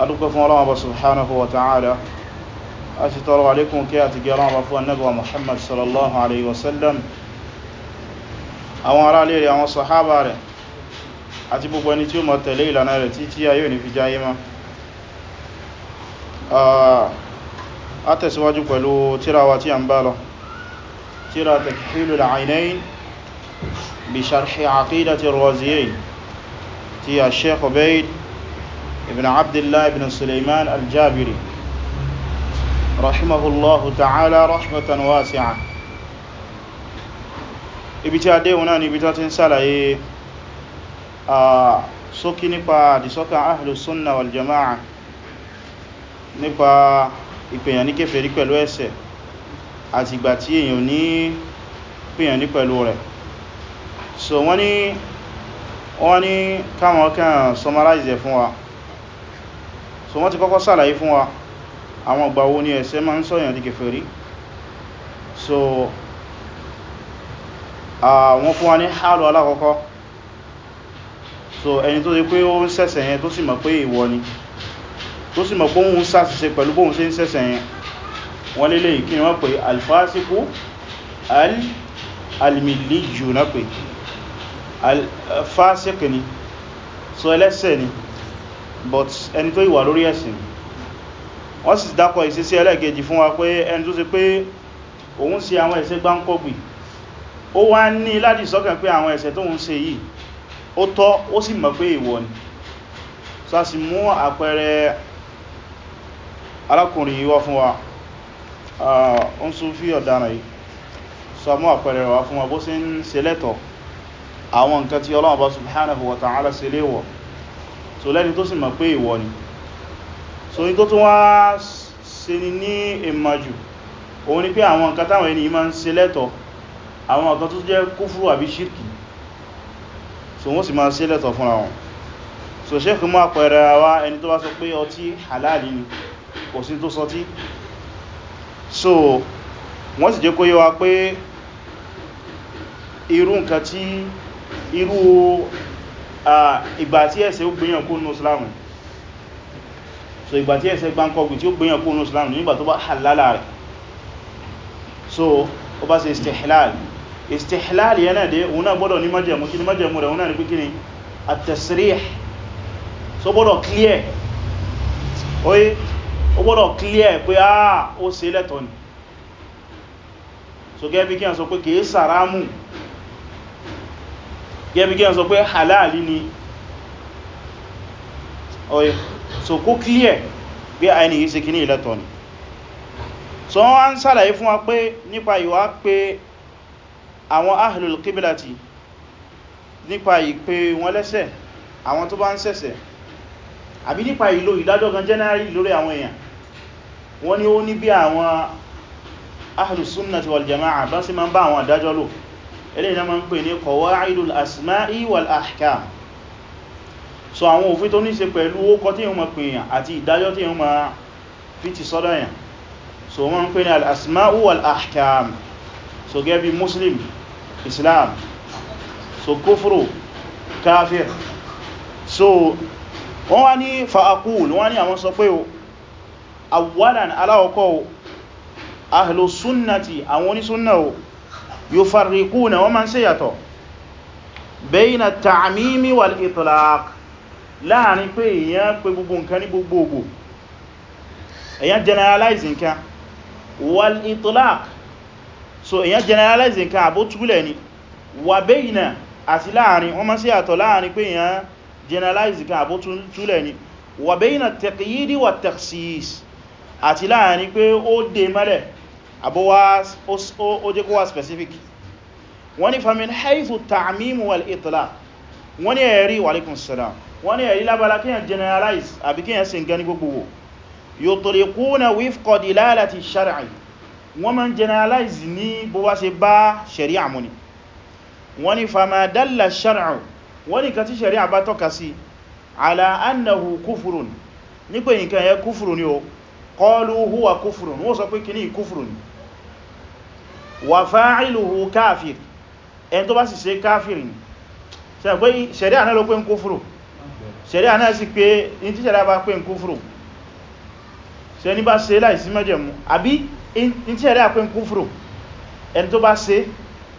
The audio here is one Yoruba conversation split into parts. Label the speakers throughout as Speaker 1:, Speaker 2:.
Speaker 1: adúgbò fún Ọlọ́run Ọba subhanahu wa ta'ala a sì tọrọ alékún kí a ti gẹ́ Ọlọ́run Ọba fún Ànábì wa Muhammad sallallahu alaihi wasallam àwọn ará ilé rẹ̀ àwọn sàhábà rẹ̀ àti gbogbo ẹni tí ó mọ̀ tẹ̀lé ìlànà rẹ̀ títí ayé ní fi jáyé má a tẹ̀síwájú pẹ̀lú tírawa tí a ń bá lọ tíra Takhilul Aynayn bi sharhi Aqeedatir Raziyayn ti a Sheikh Ubayd ابن عبد الله بن سليمان الجابري رحمه الله تعالى رحمة واسعة ibi tí a dé wọn náà ni ibi tó ti ń sàlàyé a sókí nípa àdìsọ́kàn ahlus sunna wal jama'a nípa ìpèyàn ní kèfèrí pẹ̀lú ẹ̀ṣẹ̀ àti ìgbà tí èyàn ní pèyàn ní pẹ̀lú rẹ̀ so wọ́n ní wọ́n kan summarize fún wa so wọ́n ti kọ́kọ́ sàlàyé fún wa àwọn ìgbà wo ni ẹ̀ṣẹ̀ máa ń sọ̀yàn di kèfèrí so wọ́n fún wa ní hálù alákọ́kọ́ so ẹni tó ti pé ó ń ṣẹ̀ṣẹ̀ yẹn tó sì mọ̀ pé ìwọ ni tó sì mọ̀ pé òun ṣàṣìṣe pẹ̀lú bóun ṣe ń ṣẹ̀ṣẹ̀ yẹn wọ́n lélẹ̀ kí ni wọ́n pè alfásíkú al-miliju náà pè alfásíkù ni so ẹlẹ́ṣẹ̀ ni but ẹni tó ìwà lórí ẹ̀sìn wọ́n sì dákọ̀ ìṣesí ẹlẹ́ẹ̀kejì fún wa pé ẹni tó ṣe pé òun ṣe àwọn ẹ̀ṣẹ̀ gbáǹkọ́gbì ó wá ní láti sọ́kàn pé àwọn ẹ̀ṣẹ̀ tó ń ṣe yìí ó tọ́ ó sì mọ̀ pé èèwọ̀ ni so a sì mú àpẹẹrẹ alákùnrin yìí fún wa ó ń sún fí ọ̀daràn yìí so a mú àpẹẹrẹ wá fún wa bó sì ń ṣe lẹ́tọ̀ àwọn nǹkan tí Ọlọ́run bá subhanahu wa ta'ala ṣe léèwọ̀ so lẹ́ni tó sì mọ̀ pé ìwọ ni so ní tó tún wá ṣe ni ní ìmọ̀jù òun ni pé àwọn nǹkan táwọn ẹni ma ń ṣe lẹ́tọ̀ àwọn nǹkan tó jẹ́ kúfúrú àbí ṣírkì so wọ́n sì ma ṣe lẹ́tọ̀ fúnra wọn so ṣékù mọ́ àpẹẹrẹ àwa ẹni tó bá sọ pé ọtí halal ni kò sí tó sọtí so wọ́n sì jẹ́ kó yé wa pé irú nǹkan tí irú ìgbà tí ẹ̀ṣẹ̀ ó so ìgbà tí ẹ̀ṣẹ̀ gbáǹkọ̀gbì tí ó gbìyàn kó nù islamu nígbà tó bá halala rẹ̀ so ó bá ṣe istihlal istihlal yẹn náà dé òun náà gbọ́dọ̀ ní májẹ̀mú kí ni májẹ̀mú rẹ̀ òun náà ní pé kí ni at so gbọ́dọ̀ clear oye ó clear pé ah ó so gẹ́bí kí a sọ pé gẹ́bí gẹ́ sọ pé halali ni ọ̀yẹ́ so kó clear bí a ẹni ìsìnkí ní ìlẹ́tọ̀ ni so wọ́n wá ń sàlàyé fún wa pé nípa ìwà pé àwọn ahlul qiblati nípa ìpé wọn lẹ́sẹ̀ àwọn tó bá ń ṣẹ̀ṣẹ̀ àbí nípa ìlò ìdájọ́ gan generally lórí àwọn èèyàn wọ́n ní ó ní bí àwọn ahlus sunnati wal jama'a bá sí ma ń bá àwọn àdájọ́ lò eléyìí náà ma ń pè ní qawaidul asma'i wal ahkam so àwọn òfin tó ní ṣe pẹ̀lú ókọ tí yíò ma pè yàn àti ìdájọ́ tí yíò ma fi ti sọ́dọ̀ yàn so wọ́n ń pè ní al-asma'u wal-ahkam so gẹ́ muslim islam so kufru kafir so wọ́n wá ní fa'akul wọ́n ní àwọn sọ pé o awwalan aláwọ̀kọ́ ahlus sunnati àwọn onísúnnà o yufarriquna wọ́n ma ń ṣèyàtọ̀ bayna at-ta'mimi wal-itlaq láàrin pé èyàn pè gbogbo nǹkan ní gbogbogbò èyàn generalize nǹkan wal-itlaq so èyàn generalize nǹkan àbótúlẹ̀ ni wà bayna àti láàrin wọ́n ma ń ṣèyàtọ̀ láàrin pé èyàn generalize nǹkan àbótúlẹ̀ ni wà bayna at-taqyid wa at àti láàrin pé ó dé mẹ́lẹ̀ àbúwá ó jẹ́ kó wá specific wọ́n ni famin haithu ta'amimu wal itla wọ́n ni ẹ̀rí wàlíkùn salam wọ́n ni ẹ̀rí lábára kíyàn generalize àbí kíyàn sin gani gbogbo yutliquna wifqa dilalati shar'i wọ́n ma generalize ní bó wá ṣe bá shari'a mu ni wọ́n ni fama dalla shar'u wọ́n ni ka ti shari'a bá tọ́ka sí ala annahu kufurun ní pé nǹkan yẹ kufurun ni o qalu huwa kufurun wọ́n sọ pé kìní kufurun ni wà fa'iluhu káàfir ẹni tó bá sì ṣe káàfir ni ṣẹ̀ríà náà ló pé ń kúfùrù ṣẹ̀ríà náà sì pé in tí ṣẹ̀ríà bá pé ń kúfùrù ṣe ní bá ṣe láìsí mẹ́jẹ̀mú àbí in tí ṣẹ̀ríà pé ń kúfùrù ẹni tó bá ṣe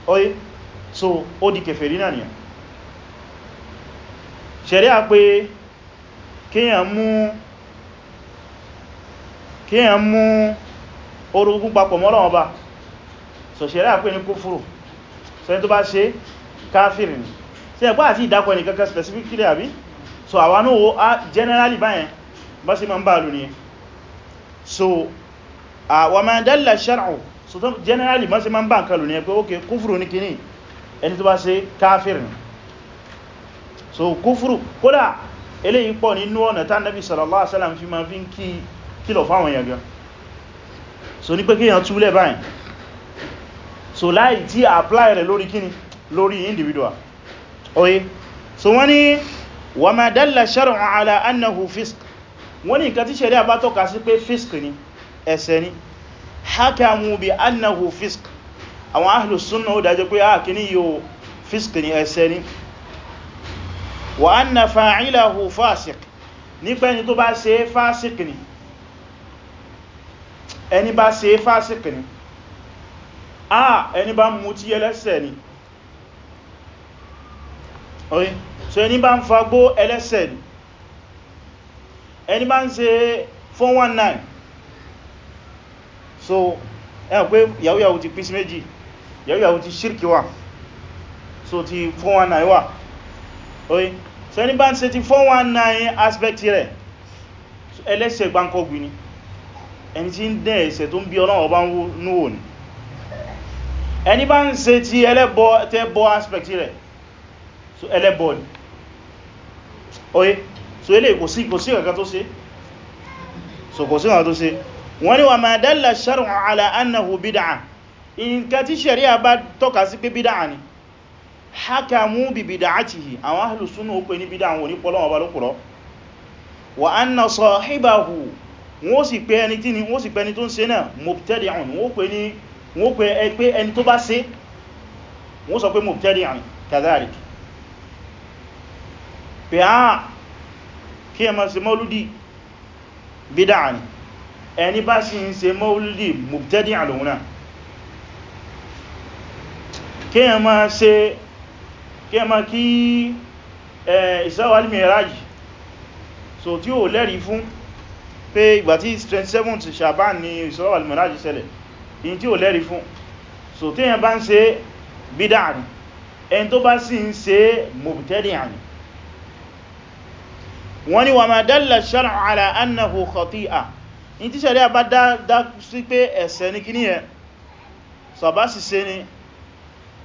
Speaker 1: oye so ó di kèfèrí náà nìyàn so ṣe ráà pé ní kúfúrù so ẹni tó bá ṣe káfìrì ni sí ẹ̀pá àti ìdákọ̀ ẹni kankan specifically àbí so àwọn náà a generally báyẹn bá sí ma ń bá lù nìyẹn so àwọn ma dalla shar'u so tó generally bá sí ma ń bá nǹkan lù nìyẹn pé ókè kúfúrù ní kìíní ẹni tó bá ṣe káfìrì ni so kúfúrù kódà eléyìí pọ̀ nínú ọ̀nà tá Nabi sallallahu alaihi wasallam fi ma fi ń kí kìlọ̀ fáwọn èèyàn gan so ní pé kíyàn túlẹ̀ báyìí so láì tí apply rẹ̀ lórí kíni lórí individual oye so wọ́n ni wa ma dalla shar'u ala annahu fisk wọ́n ni nǹkan tí sharia bá tọ́ka sí pé fisk ni ẹ̀ṣẹ̀ ni hakamu bi annahu fisk àwọn ahlu sunna ó dájọ́ pé ah kíní yóò fisk ni ẹ̀ṣẹ̀ ni wa anna fa'ilahu fasik nípa ẹni tó bá ṣe fásik ni ẹni bá ṣe fásik ni ah ẹni bá mú tí ẹlẹ́sẹ̀ ni orí so ẹni bá ń fagbó ẹlẹ́sẹ̀ ni ẹni bá ń ṣe 419 so ẹn pé yàwóyàwó ti pín sí méjì yàwóyàwó ti ṣírkì wà so ti 419 wà orí so ẹni bá ń ṣe ti 419 aspect rẹ̀ ẹlẹ́sẹ̀ gbáǹkọ́gbì ni ẹni tí ń dẹ̀ ẹ̀ṣẹ̀ tó ń bí Ọlọ́run ẹni bá ń ṣe ti ẹlẹ́bọ tẹ́bọ aspect rẹ̀ so ẹlẹ́bọ ni oye so ilé kò sí kò sí kankan tó ṣe so kò sí kankan tó ṣe wọ́n ní wa ma dalla shar'u ala annahu bid'a nǹkan tí sharia bá tọ́ka sí pé bid'a ni hakamu bi bid'atihi àwọn ahlu sunna ó ní bid'a wọn ní pọ́lọ́wọ́ bá lókùrọ́ wa anna sahibahu wọ́n sì wọ́n sì pé ẹni tó ń ṣe náà mubtadi'un wọ́n pè ní wọ́n pè ẹ pé ẹni tó bá ṣe wọ́n sọ pé mubtadi'an kadhalik pé á kí ẹ ma ṣe mọ́lúdì ni ẹni bá sì ń ṣe mọ́lúdì mubtadi'an lòun náà kí ẹ ma kí ẹ kí Isra wal Miraj so tí ó lẹ́rí fún pé ìgbà tí 27th ni Isra wal Miraj ṣẹlẹ̀ in tí ò lẹ́rí fún so tí èyàn bá ń ṣe bídá ni ẹni tó bá sì ń ṣe mubtadi'an ni wọ́n ni wà máa dalla shar'u ala annahu khati'a in tí ṣẹ̀rẹ́ bá dá sí pé ẹ̀ṣẹ̀ ní kíní ẹ̀ sọ̀bá sì ṣe ni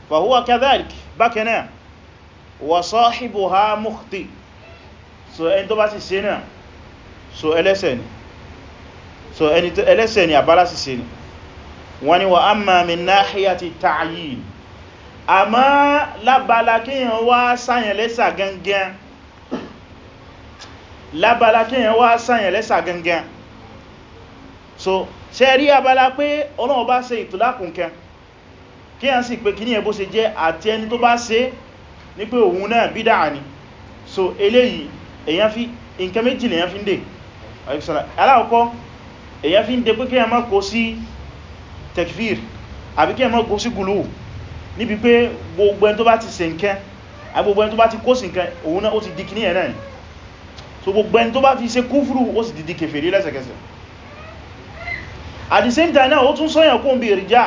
Speaker 1: fa huwa kadhalik bákanáà wa sahibuha mukhti so ẹni tó bá sì ṣe náà so ẹlẹ́ṣẹ̀ ni so ẹni tó ni àbálá sì ṣe ni wọ́n ni wà amma min nahiyati ta'yin a ma lábala kíyàn wá sáyẹ̀ lẹ́sà gangan lábala kíyàn wá sáyẹ̀ lẹ́sà gangan so ṣe rí abala pé Ọlọ́run bá ṣe ìtùlákùn kẹ kíyàn sì pé kíní ẹbó ṣe jẹ́ àti ẹni tó bá ṣe ní pé òun náà bídà ni so eléyìí èyàn fi nǹkan méjì lèyàn fi ń dè aláwọ̀kọ́ èyàn fi ń dè pé kíyàn má kó sí tekfir àbí kí ẹmọ́ gosí gùlù níbi pé gbogbo ẹni tó bá ti ṣe nǹkan àbí gbogbo ẹni tó bá ti kó sí nǹkan òun náà ó ti di kìní ẹ̀ náà so gbogbo ẹni tó bá fi ṣe kúfùrù ó sì di kèfèrí lẹ́sẹ̀kẹsẹ̀ at the same time náà ó tún sọ́yàn kó ń bí ìrìjá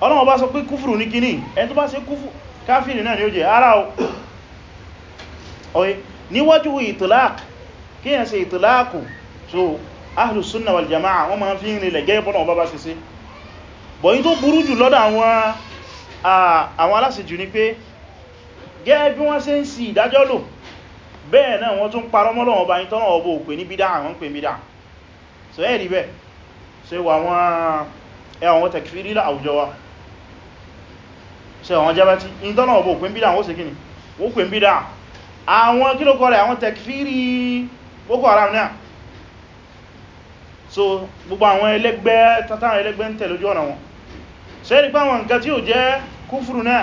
Speaker 1: ọlọ́wọ́ bá sọ pé kúfùrù ní kìní ẹni tó bá ṣe kúfù káfìrì náà ni ó jẹ ara o níwájú ìtìláàkì kí yẹn ṣe ìtìláàkù ahlu sunna wal jama'a wọ́n ma fi ń rinlẹ̀ gẹ́ bọ́nà ọba bá ṣe sí bọ̀ yí tó burú jù lọ́dọ̀ àwọn aláṣejù ni pé gẹ́ bí wọ́n ṣe ń si ìdájọ́ lò bẹ́ẹ̀ náà wọ́n tún parọ́ mọ́ Ọlọ́run Ọba yí tọ́nà ọba òpè ní bídá àwọn pè bídá so ẹ́ rí bẹ́ẹ̀ so wà wọ́n ẹwọ̀n tẹ̀kìfìrí láàwùjọ wa so àwọn jábátí yí tọ́nà so gbogbo àwọn ẹlẹ́gbẹ́ tátàwọn ẹlẹ́gbẹ́ ń tẹ̀lé ojú ọ̀nà wọn so ẹni pé àwọn nǹkan tí ó jẹ́ kúfùrù náà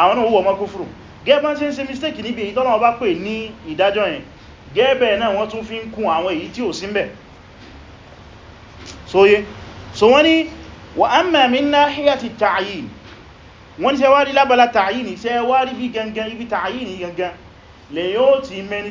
Speaker 1: àwọn náà wọ́n mọ́ kúfùrù gẹ́ẹ̀bá ṣe ń ṣe mistake níbi èyí tọ́lọ́wọ́ bá pè ní ìdájọ́ yẹn gẹ́ẹ̀bẹ̀ náà wọ́n tún fi ń kún àwọn èyí tí ò sí mbẹ̀ so ye so wọ́n ni wa amma min nahiyati ta'yin wọ́n ṣe wá rí lábala ta'yin ṣe wá rí bí ti mẹni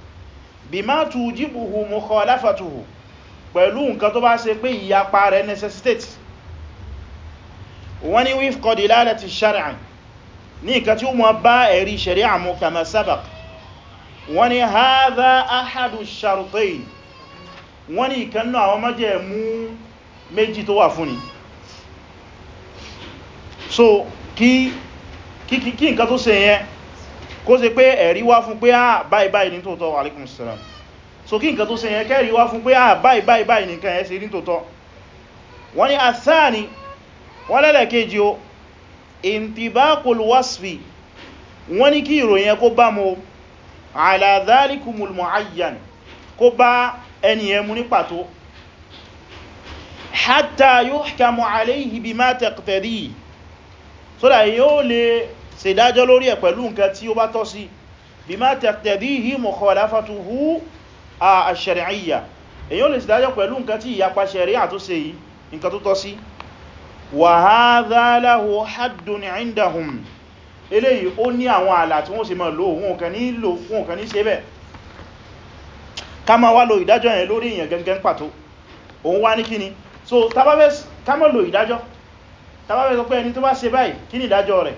Speaker 1: bima tujibuhu mukhalafatuhu pẹ̀lú nǹkan tó bá ṣe pé ìyapa rẹ̀ necessitate wọ́n ni wifqa dilalati shar'an ní nǹkan tí ó mọ̀ bá ẹ̀rí shari'a mu kama sabaq wọ́n ni hadha ahadu shartain wọ́n ni ìkannú so kí kí kí nǹkan tó kó ṣe pé ẹ̀rí wá fún pé à ah, báyìí báyìí ní tòótọ́ alaikum salam so kí nǹkan tó ṣe yẹn kẹ́rí wá fún pé à ah, báyìí báyìí báyìí nìkan ẹ̀ ṣe ní tòótọ́ wọ́n ni asáàni wọ́n lẹ́lẹ̀kejì o intibakul wasfi wọ́n ni kí ìròyìn yẹn kó bá mo ala ṣe ìdájọ́ lórí ẹ̀ pẹ̀lú nǹkan tí ó bá tọ́ sí bima taqtadihi mukhalafatuhu ash-shar'iyya èyí ó lè ṣèdájọ́ pẹ̀lú nǹkan tí ìyapa ṣẹ̀ríà tó ṣe yìí nǹkan tó tọ́ sí wa hadha lahu haddun 'indahum eléyìí ó ní àwọn ààlà tí wọ́n sì máa lò òun kan ní lò fún òun kan ní ṣe bẹ́ẹ̀ ká máa ìdájọ́ yẹn lórí èèyàn ẹni tó bá ṣe báyìí kíni ìdájọ́ rẹ̀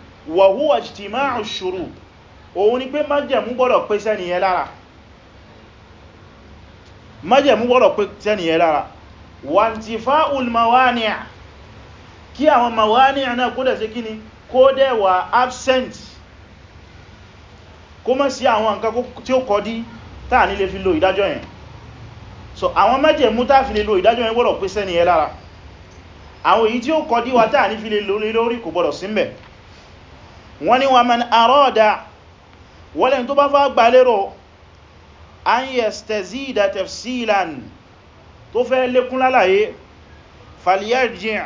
Speaker 1: wa huwa ijtima'u shurut òun ni pé májẹ̀mú gbọ́dọ̀ pé sẹ́niyẹ lára májẹ̀mú gbọ́dọ̀ pé sẹ́niyẹ lára wa intifa'ul mawani' kí àwọn mawani' náà kó dẹ̀ kíni kó dẹ̀ absent kó mọ́ sí àwọn nǹkan tí ó kọdí táà nílé fi lo ìdájọ́ yẹn so àwọn májẹ̀mú táà fi lè lo ìdájọ́ yẹn gbọ́dọ̀ pé sẹ́niyẹ lára àwọn èyí tí ó kọdí wa táà ní fi lè lórí kò gbọ́dọ̀ símbẹ̀ wọ́n ni wọ́n man arada wọ́n lẹ́yìn tó bá fà gbàlérò an yastazida tafsilan tó fẹ́ lékún lálàyé falyarji'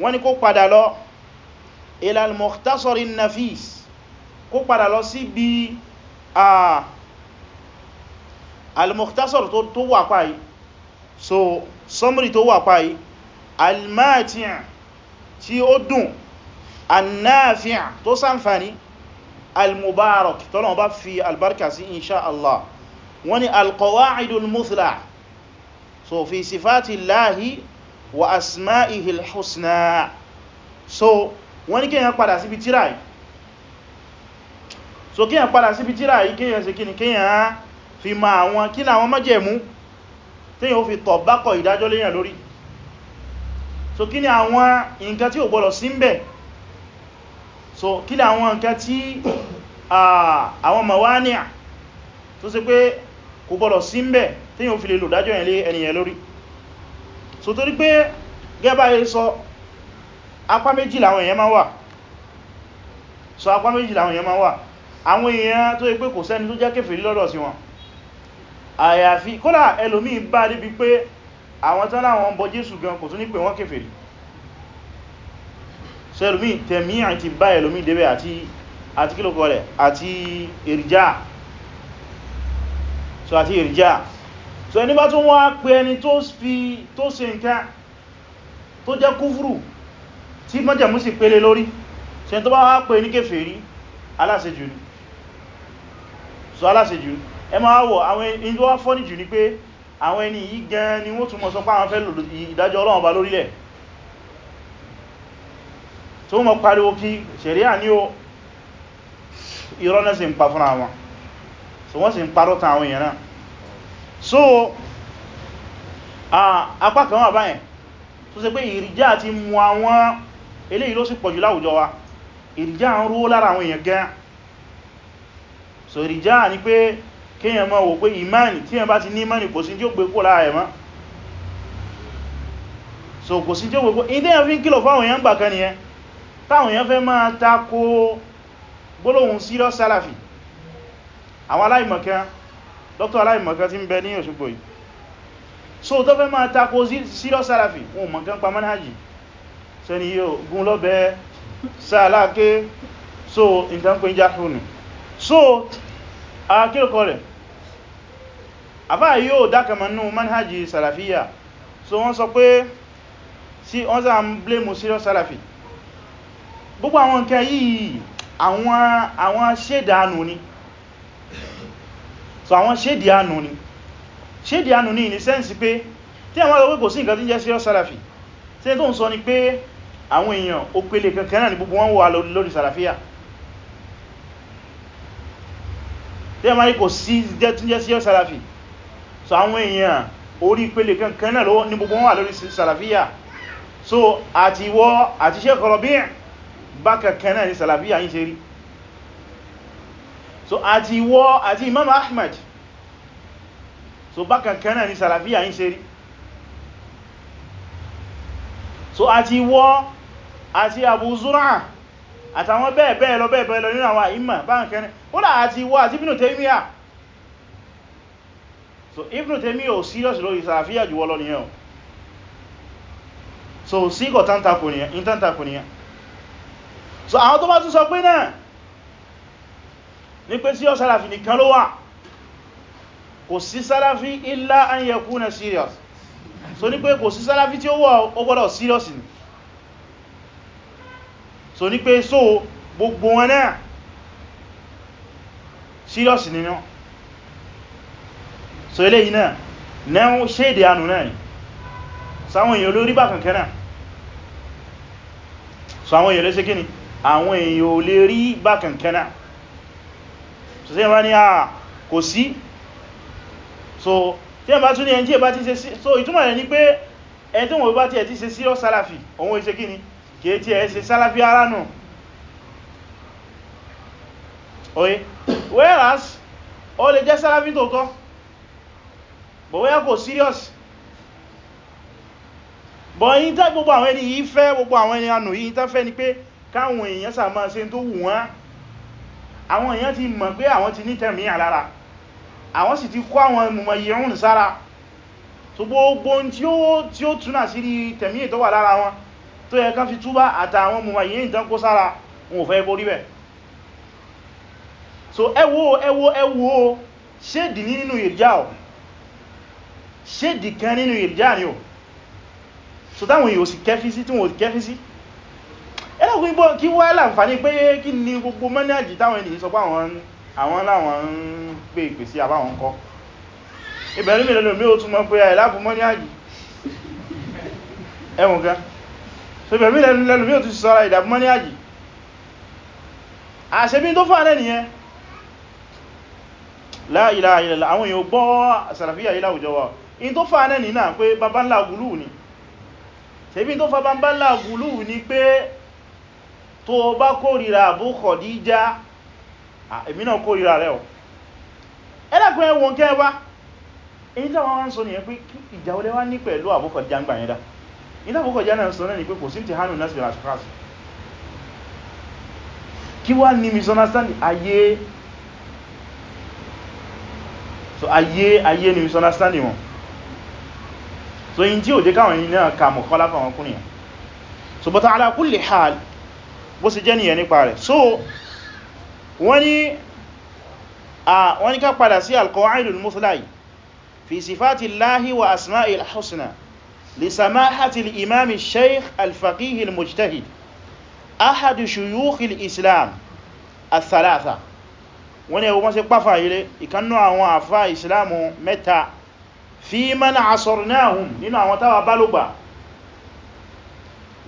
Speaker 1: wọ́n ni kó padà lọ ila nafis kó padà lọ sí bí a al tó wà páyìí so summary tó wà páyìí al tí ó dùn annáfíà tó sánfàní almubarak tọ́lọ̀ bá fi albarka sí inṣá Allah wọ́n ni alkọwa'idul muthla so fi sifati lahi wa asma'ihi alhusna so wọ́n ni kí yẹn padà síbi tíra yìí so kí yẹn padà síbi tíra yìí kí yẹn sí kí yẹn fi ma àwọn kí ní àwọn májẹ̀mú tí yíò fi tọ̀ ìdájọ́ léyàn lórí so kí ni àwọn nǹkan tí ò gbọ́dọ̀ sí ń bẹ̀ so kí lè àwọn nǹkan tí àwọn mawani'a tó ṣe pé kò gbọ́dọ̀ sí ń bẹ̀ tí yíò fi lè lò dájọ́ yẹn ẹniyàn lórí so torí pé gẹ́bà yẹ sọ apá méjì làwọn èèyàn máa wà so apá méjì làwọn èèyàn máa wà àwọn èèyàn tó yẹ pé kò sẹ́ni tó jẹ́ kèfèrí lọ́dọ̀ sí wọn àyàfi kódà so ẹlòmí tẹ̀mí àti bá ẹlòmí débẹ̀ àti àti kílòkọ́ rẹ̀ àti ìrìjá so àti ìrìjá so ẹni bá tún wá pé ẹni tó fi tó ṣe nǹkan tó jẹ́ kúfúrù tí mọ́jẹ̀mú sì pélé lórí so ẹni tó bá wá pé ní kèfèrí aláṣejù ni so aláṣejù ẹ ni wọ́n túnmọ̀ sọ pé àwọn fẹ́ lòdò tó mọ̀ pariwo kí ṣẹ̀ríà ní o irọ́ náà sì ń pa fún àwọn so wọ́n sì ń parọ́ tàn àwọn èèyàn náà so apá kan wà báyẹn tó ṣe pé ìrìjá àti mú àwọn eléyìí ló sì pọ̀jù láwùjọ wa ìrìjá ń rú lára àwọn èèyàn gan so ìrìjá ni pé kíyàn mọ́ wò pé ìmáni tí yàn bá ti ní ìmáni kò sí tí ó gbé kó láàrẹ̀ mọ́ so kò sí tí ó gbé kó ìdẹ́yàn fi ń kìlọ̀ fáwọn èèyàn gbà kan nìyẹn táwọn èèyàn fẹ́ máa tako gbólóhùn serious salafi àwọn aláìmọ̀kan dr aláìmọ̀kan tí ń bẹ ní Òṣogbo yìí so tó fẹ́ máa tako serious salafi wọn mọ̀kan pa manhaji so ni yíò gún lọ́bẹ̀ sáàláké so nǹkan pín jáhùnù so akílùkọ rẹ̀ àfá yíò dákàmánú manhaji salafiya so wọ́n sọ pé sí ọ́n sáà ń blé mu serious salafi gbogbo àwọn nke yìí àwọn ṣédì ànù ni so àwọn ṣédì ànù ni ṣédì ànù ni in the sense pé tí àwọn ọgbẹ́ kò sí nǹkan tí jẹ́ serious salafi tí tó ń sọ ni pé àwọn èèyàn ó pele kankan náà ni gbogbo wọn wà lórí salafiyya tí a máa rí kò sí salafi so àwọn èèyàn orí pele kankan náà ni gbogbo wọn wà lórí salafiyya so àti ìwọ àti Sheikh Rabi' bákankan náà ni sàlàfíà yí ṣe rí so àti wọ́ àti imam ahmad so bákankan náà ni sàlàfíà yí ṣe rí so àti wọ́ àti abu zura àtàwọn bẹ́ẹ̀ bẹ́ẹ̀ lọ bẹ́ẹ̀ bẹ́ẹ̀ lọ nínú àwọn àìmà bákankan náà ó dà àti wọ́ àti ibn taymiya so ibn taymiya ò serious lórí sàlàfíà jù wọ́lọ́ nìyẹn so sí kọ̀ tán takò nìyẹn so àwọn tó bá tún sọ pé náà ní pé sí ọ̀sálàfí nìkan ló wà kò sí sálàfí illa an yakuna serious so ní pé kò sí sálàfí tí ó wọ́ ó serious ni so ní pé so gbogbo wọn náà serious ni náà so eléyìí náà náà ṣéèdè anù náà ni sáwọn èèyàn lórí bákankan náà so àwọn èèyàn lé ṣe kíni àwọn èèyàn ò lè rí bákankaná so tí wọ́n ní à kò sí so tí wọ́n bá tún ní ẹni tí ẹ bá ti so ìtumọ̀ rẹ̀ ni pé ẹni tí wọ́n bá ti ẹ̀ ti ṣe sí ọ́ sálàfì òun ìṣe kíni kìí tí ẹ ṣe sálàfì ara nù oye whereas ó lè jẹ́ sálàfì tòótọ́ but where kò serious but yí tẹ́ gbogbo àwọn ẹni yìí fẹ́ gbogbo àwọn ẹni anù yìí tẹ́ fẹ́ ni pé káwọn èèyàn sàmọ́ ṣe tó wù wọ́n àwọn èèyàn ti mọ̀ pé àwọn ti ní tẹ̀mí àlára àwọn sì ti kó àwọn mọ̀mọ̀ yẹ̀rùn sára tó gbogbo tí ó túnà sí rí tẹ̀mí ètò wà lára wọn tó yẹ ká fi túbá àtàwọn mọ̀mọ̀ yẹ̀rùn tán kó sára wọn ò fẹ́ borí bẹ̀ so ẹwọ́ ẹwọ́ ẹwọ́ ṣéèdì nínú ìrìjá ọ̀ ṣéèdì kan nínú ìrìjá ni ò so táwọn èèyàn sì kẹfí sí tí wọ́n kẹfí sí ẹ̀rọ gbígbọ́ kí wá láǹfàní pé kí ni gbogbo mẹ́nàjì táwọn ènìyàn sọ pé àwọn láwọn ń gbé ìpèsè àbáwọn kọ́ ìbẹ̀rún mi lọ́lọ́ mi ó túnmọ́ pé àìláàbù mẹ́nàjì ẹwùn gan so ìbẹ̀rún mi lọ́lọ́ mi ó tún sọ́ra ìdàbù mẹ́nàjì àṣẹ́bí tó fà náà nìyẹn la ilaha illallah àwọn èèyàn gbọ́ sàràfíà ilá òjò wa in tó fà náà nìyàn pé babanlá gùlù ni ṣebí tó fà babanlá gùlù ni pé tó bá kórìíra Abu Khadija èmi náà kórìíra rẹ̀ o ẹ́dàkùn ẹwọ̀n kẹwa èyí tàwọn wọ́n sọ nìyẹn pé ìjà olẹ́ wá ní pẹ̀lú Abu ń gbàyẹ̀dá ni pé kò so ayé ayé ni misunderstanding wọn so yí tí ò jẹ́ káwọn yìí náà so but ala kulli hal bó ṣe jẹ́ nìyẹn nípa rẹ̀ so wọ́n ní a wọ́n ní ká padà sí alqawaidul muthlai fi sifati Allahi wa asma'i al-husna li samahati al-imam al-shaykh al-faqih al-mujtahid ahadu shuyukh al-islam al-thalatha wọ́n ní ẹwọ́ wọ́n ṣe pàfà ilé ìkannú àwọn àfá islamu mẹ́ta fi man asarnahum nínú àwọn táwà bálùgbà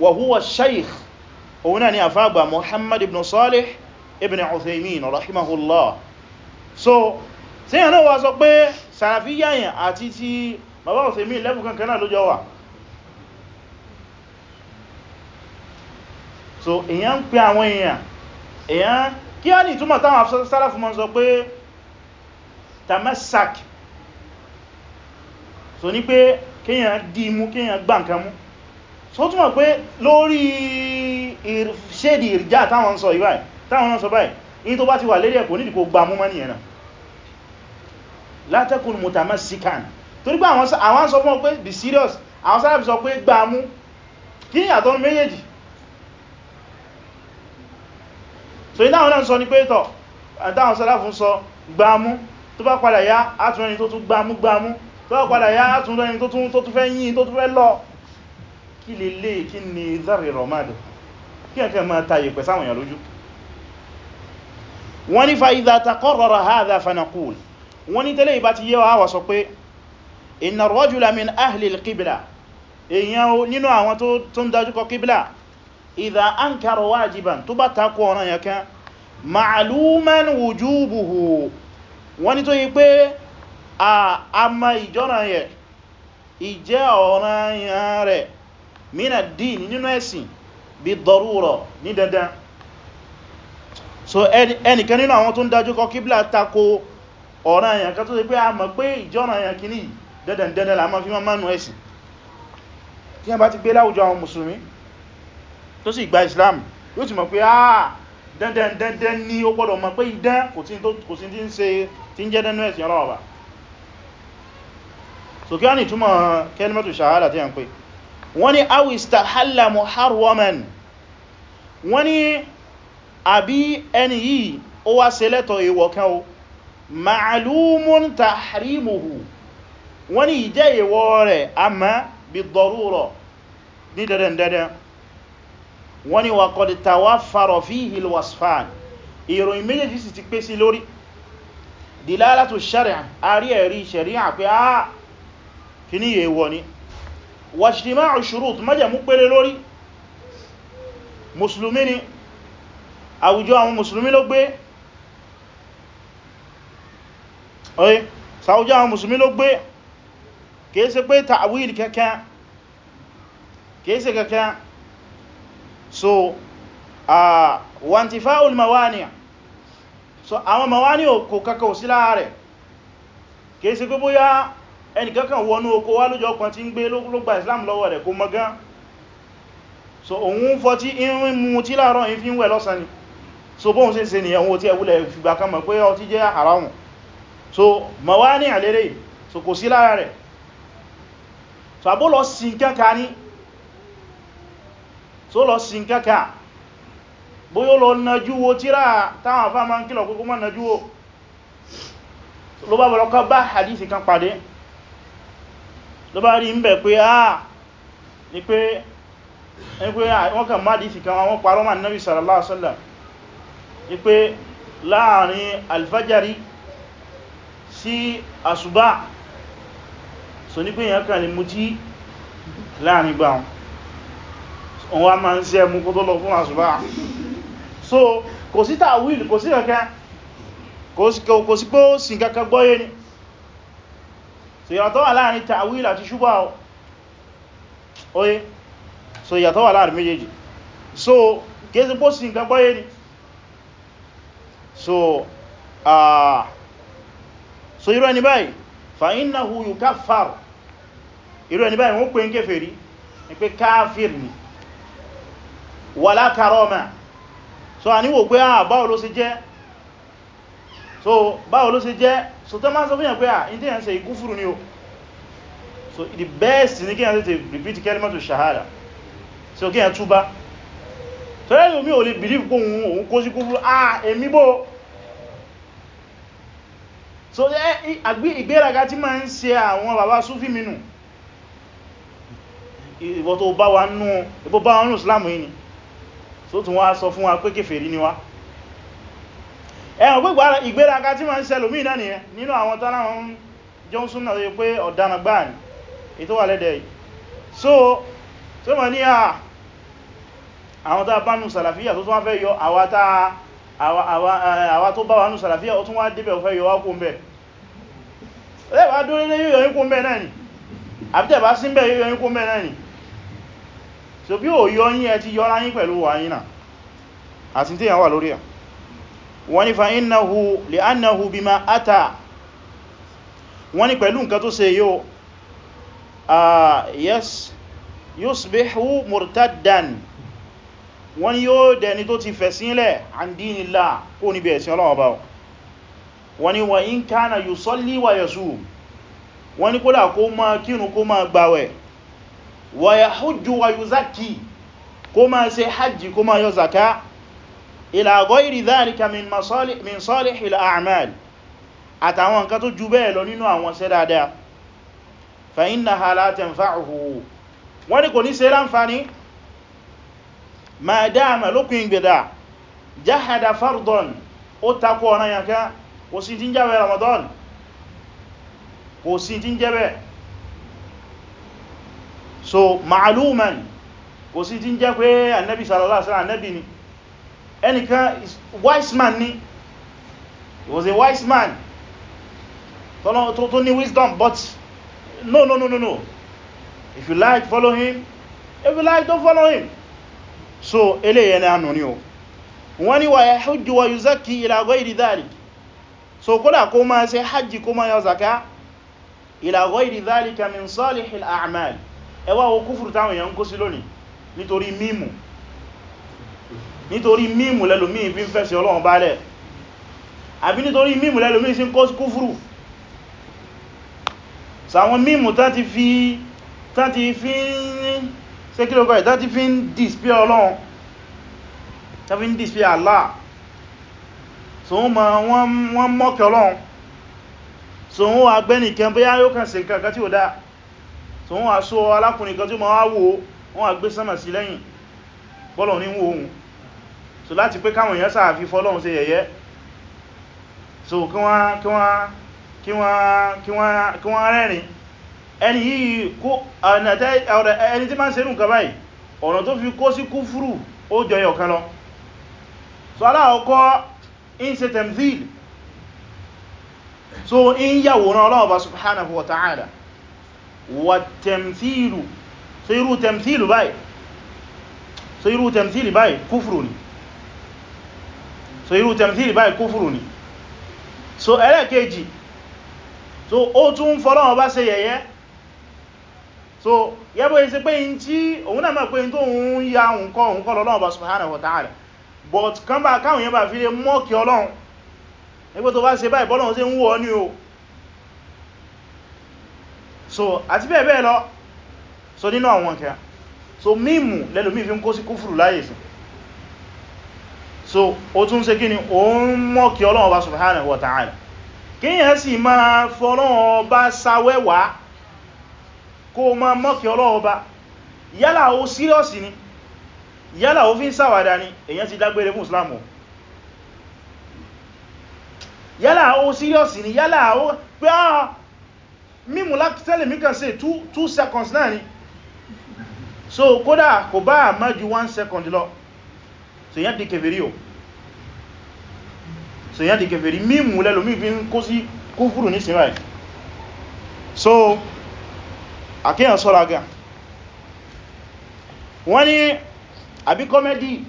Speaker 1: wa huwa òun náà ni àfáàgbà Muhammad ibn Salih ibn Uthaymin rahimahullah so tí yẹn náà wá sọ pé sàfíyàyàn àti ti bàbá Uthaymin lẹ́bù kankan náà lójọ wà so èyàn ń pè àwọn èèyàn èyàn kí á ní ìtumọ̀ táwọn sálàfù mọ́ sọ pé tamasak so ní pé kíyàn dí mú kíyàn gbà so túnmọ̀ pé lórí ṣéèdì ìrìjá táwọn sọ ìbáyìí táwọn sọ báyìí in tó bá ti wà lérí ẹ̀kọ́ nídìí kò gbà mú mọ́ nìyẹn náà la takun mutamassikan torí pé àwọn sọ fún pé be serious àwọn sáàbì sọ pé gbà mú kí ní àtọ́nù méjèèjì so iná àwọn náà sọ ní pé tọ̀ àtàwọn sáàbì sọ gbà mú tó bá padà yá átùnrẹ́ni tó tún gbà mú gbà mú tó bá padà yá átùnrẹ́ni tó tún fẹ́ yìn tó tún fẹ́ lọ kí lè lè kí ni zari romadu kí ẹ̀ kẹ́ máa tayè pẹ̀ sáwọn èèyàn lójú wọ́n ní fa'idha taqarrara hadha fanaqul wọ́n ní tẹ́lẹ̀ ìbá ti yẹ́ wa sọ pé inna ar-rajula min ahli èèyàn nínú àwọn tó ń dájúkọ qibla idha ankara wajiban tó bá takọ ọ̀nà yẹn kan ma'luman wọ́n ní tó yí pé a ma ìjọ́ràn yẹ ìjẹ́ ọ̀ràn yẹn rẹ̀ mina dín nínú ẹ̀sìn bí dọrúrọ̀ ní dandan so ẹnìkan nínú àwọn tó ń dájú kọ kíblà tako ọ̀ràn àyàn kan tó ṣe pé a mọ̀ pé ìjọ́ràn àyàn kìíní dandan dandan la máa fi máa mánú ẹ̀sìn tí a bá ti gbé láwùjọ àwọn mùsùlùmí tó sì gba Islam yóò ti mọ̀ pé ah dandan dandan ni ó gbọ́dọ̀ mọ̀ pé idán kò sí tí ń ṣe tí ń jẹ́ dánú ẹ̀sìn ọlọ́ọ̀bà so kí wá ní ìtumọ̀ kẹlimatu shahada tí a ń pè wọ́n ní awista halla muharwaman wọ́n ní àbí ẹni yìí ó wá ṣe lẹ́tọ̀ èèwọ̀ kan o ma'alumun tahrimuhu wọ́n ní ìjẹ́ èèwọ̀ rẹ̀ àmá bí dọrúrọ̀ ní dandan wọ́n ní wà qad kí ní èèwọ̀ ni wàṣìmáà ṣùrùt májẹ̀mú péré lórí musulmi ni àwùjọ àwọn musulmi ló gbé oye sàwùjọ àwọn musulmi ló gbé kìí ṣe pé ta'wil kẹ́kẹ́ kìí ṣe kẹ́kẹ́ so a wantifa'ul mawani so àwọn mawani kò kẹ́kẹ́ sí láàrẹ̀ kìí ṣe pé ẹnìkan kan wọnú oko wá lójọ́ kan tí ń gbé ló Islam lọ́wọ́ rẹ̀ kó mọ̀ so òun fọ́ tí irin mu tí láàárọ̀ yìí fi ń wẹ̀ lọ́sàn ni so bóhun sí se ni ẹ̀wọ̀n tí ẹwúlẹ̀ fìgbà kan mọ̀ pé ọtí jẹ́ àráhùn so ma wá ní àlérè so kò sí so àbó lọ sí so lọ sí kẹ́kà bóyó lọ najúwo tíra táwọn afá ma ń kílọ̀ kókó mọ́ najúwo ló hadisi kan pàdé ló bá rí ń bẹ̀ pé àà ah! ní pé ah! wọ́n kàn má dìísì kan wọ́n parọ́ mọ́ Ànábì sallallahu alaihi wasallam ní pé láàrin alfajari sí àsùbá so ní pé èyàn kàn lè mú tí láàrin gbà wọn wọ́n máa ń sẹ́ mú kó tó lọ fún àsùbá so kò sí tàwíl kò sí kankan kò sí pé ó sì kankan gbọ́yé ni so ìyàtọ̀ wà láàrin ta'wil àti ṣubá oye so ìyàtọ̀ wà láàrin méjèèjì so gẹ́sí bó sí nǹkan gbọ́yé ni so ah so irú ẹni báyìí fa innahu yukaffar irú ẹni báyìí wọ́n pè ń kèfèrí ní pé káàfir ni wala karama so a níwò pé àbáwò ló sì jẹ́ so báwo ló ṣe jẹ́ so tó máa sọ fún yàn pé à ní tí yàn ṣe ìkúfùrù ni o so the best ni kí yàn tètè repeat to shahada so kí yàn túbá so lẹ́yìn omi ò lè believe kó òun kó sí kúfùrù ah èmi bó so ìgbéraga tí máa ń ṣe àwọn bàbá súfí minú ìwọ tó bá wa nù Islam yìí ni so tún wá sọ fún wa pé kèfèrí ni wá ẹ̀wọ̀n pípa ìgbéraga tí ma ń ṣẹlò mí náà nìyẹn nínú àwọn tánà wọn jẹun súnnà tó yẹ pé ọ̀dánà gbáà ní ètò wà lẹ́dẹ̀ yìí so tó mọ̀ ní àwọn tá bá nù sàlàfíà tó tún wá fẹ́ yọ àwa tó bá wà nù sàlàfíà ó tún wá débẹ̀ fẹ́ yọ wákún bẹ̀ lẹ́wàá dúró lé yíò yíkún bẹ̀ náà ni àbítẹ̀bá sí bẹ̀ yíò yíkún bẹ̀ náà ni so bí ò yọ yín ẹ ti yọra yín pẹ̀lú wà yín náà lórí ẹ̀ wọ́n ní fa'innahu li'annahu bima ata wọ́n ní pẹ̀lú nǹkan tó ṣe yóò yusbihu murtaddan wọ́n ní yóò dẹni tó ti fẹ̀ sílẹ̀ an dinillah kó níbi ẹ̀sìn Ọlọ́run bá wọ́n ní wa in kana yusalli wa yasum wọ́n ní kódà kó máa kírun kó máa gbàwẹ̀ wa yahujju wa yuzakki kó máa ṣe hajji kó máa yọ zaka ila ghayri dhalika min masalih min salihil a'mal àtàwọn nǹkan tó jù bẹ́ẹ̀ lọ nínú àwọn ṣe dáadáa fa innaha la tanfa'uhu wọ́n ni kò ní ṣe láǹfàní ma dáàmà lókùn ìgbèdà jahada fardon ó takò ọ̀nà ẹnìkan wise man ni he was a wise man tó ní wisdom but no no no no no if you like follow him if you like don't follow him so eléyẹ ni ànú ni o wọ́n ni wà yahujju wa yuzakki ila ghayri dhalik so kódà kó máa ṣe hajji kó máa yọ zaka ila ghayri dhalika min salihil a'mal ẹwà o kúfùrù táwọn èèyàn kó sí lónìí nítorí mímù nítorí mímù lẹ́lòmí fi ń fẹ́sẹ̀ ọlọ́run bálẹ̀ àbí nítorí mímù lẹ́lòmí sí ń kọ́ kúfùrù sàwọn mímù tàti fi ń ṣe kí ló kọ́ tàti fi ń display ọlọ́run tàbí ń display Allah so wọ́n mọ́kẹ̀ ọlọ́run so wọ́n agbẹ́nìkan bóyá yóò kàn ṣe nǹkan tí ó dáa so wọ́n aṣọ alákùnrin kan tí ma wá wò bọ́lọ̀ ní wọ́n ohun so láti pé káwọn èèyàn sáà fi fọ́lọ́hun ṣe yẹ̀yẹ́ so kí wọ́n kí wọ́n rẹ́rìn ẹni yìí kó ẹni tí máa ń ṣe nǹkan báyìí ọ̀nà tó fi kó sí kúfúrù ó jọyọ̀ kan lọ so aláàkọ́ in ṣe temthil so in yàwòrán ọlọ́ọ̀bá subhanahu wa ta'ala wa temthilu so irú temthilu báyìí so irú temthilu báyìí kúfúrù ni so irú tẹ̀mìtìrì báyìí kúfùrù ni so ẹlẹ́kejì so ó tún fọ́lọ́wọ́ bá ṣe yẹ̀yẹ́ so yẹ́bọ̀ yẹ́ sí pé in tí òun náà mọ̀ pé in tó ń ya nǹkan òun kọ́ lọ́wọ́ bá subhanahu wa ta'ala but kan bá káwọn yẹn bá fi lè mọ́kí ọlọ́run nígbẹ́ tó bá ṣe báyìí bọ́lọ́run ṣe ń wọ́ ní o so àti bẹ́ẹ̀ bẹ́ẹ̀ lọ so nínú àwọn kẹ́ so mímù lẹ́lùmí fi ń kó sí kúfùrù láyé sí so ó tún ṣe kíni ó ń mọ́ kí Ọlọ́run Ọba subhanahu wa ta'ala kíyàn sì máa fọ́lọ́run Ọba sáwẹ́wàá kó ma mọ́ kí Ọlọ́run Ọba yálà ó sírọ́sì ni yálà ó fi ń ṣàwàdà ni èyàn ti dágbére fún Islam o yálà ó ni yálà ó pé á ah, mímú látẹ́lẹ̀ míkan sí 2 so koda kò bá má ju 1 second lọ so yẹn di kèfèrí o so yẹn di kèfèrí mímú lẹ́lòmí fi ń kó sí kúfùrù ní sinra so àkíyàn sọ́ra gan wọ́n ní àbí kọ́mẹ́dì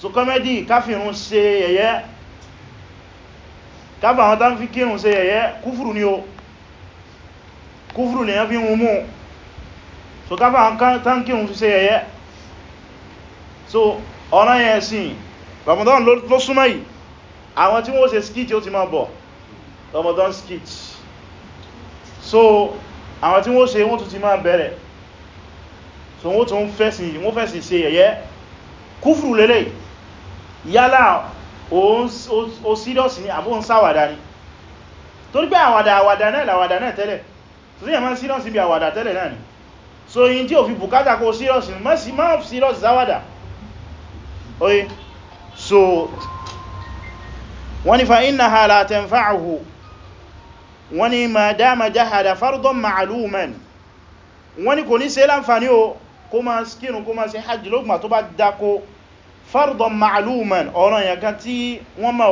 Speaker 1: so kọ́mẹ́dì káfìrún ṣe yẹ̀yẹ́ káfà àwọn tán fi kírùn ṣe yẹ̀yẹ́ kúfùrù ni o kúfùrù lèyàn fi ń mú so káfà àwọn tán kírùn ṣe yẹ̀yẹ́ so ọ̀rán yẹn sí Ramadan ló súnmọ́ yìí àwọn tí wọ́n ṣe skit ó ti máa bọ̀ Ramadan skit so àwọn tí wọ́n ṣe wọ́n tún ti máa bẹ̀rẹ̀ so wọ́n tún fẹ́sìn wọ́n fẹ́sìn ṣe yẹ̀yẹ́ kúfùrù lélẹ̀ yálà ó sídọ́sì ní àbúhùn sáwàdá ni torí pé àwàdà àwàdà náà làwàdà náà tẹ́lẹ̀ tó yẹ máa sídọ́sì bí àwàdà tẹ́lẹ̀ náà ni so yìí tí ò fi bùkátà kó sídọ́sì má sídọ́sì sáwàdà oye so wọ́n ni fa'innaha la tanfa'uhu wọ́n ni ma dáma jahada fardan ma'aluman wọ́n ni kò ní ṣe láǹfàní o kó ma skinu kó ma ṣe hajji lókùnmà tó bá dákó fardan ma'aluman ọ̀rọ̀ yanka tí wọ́n ma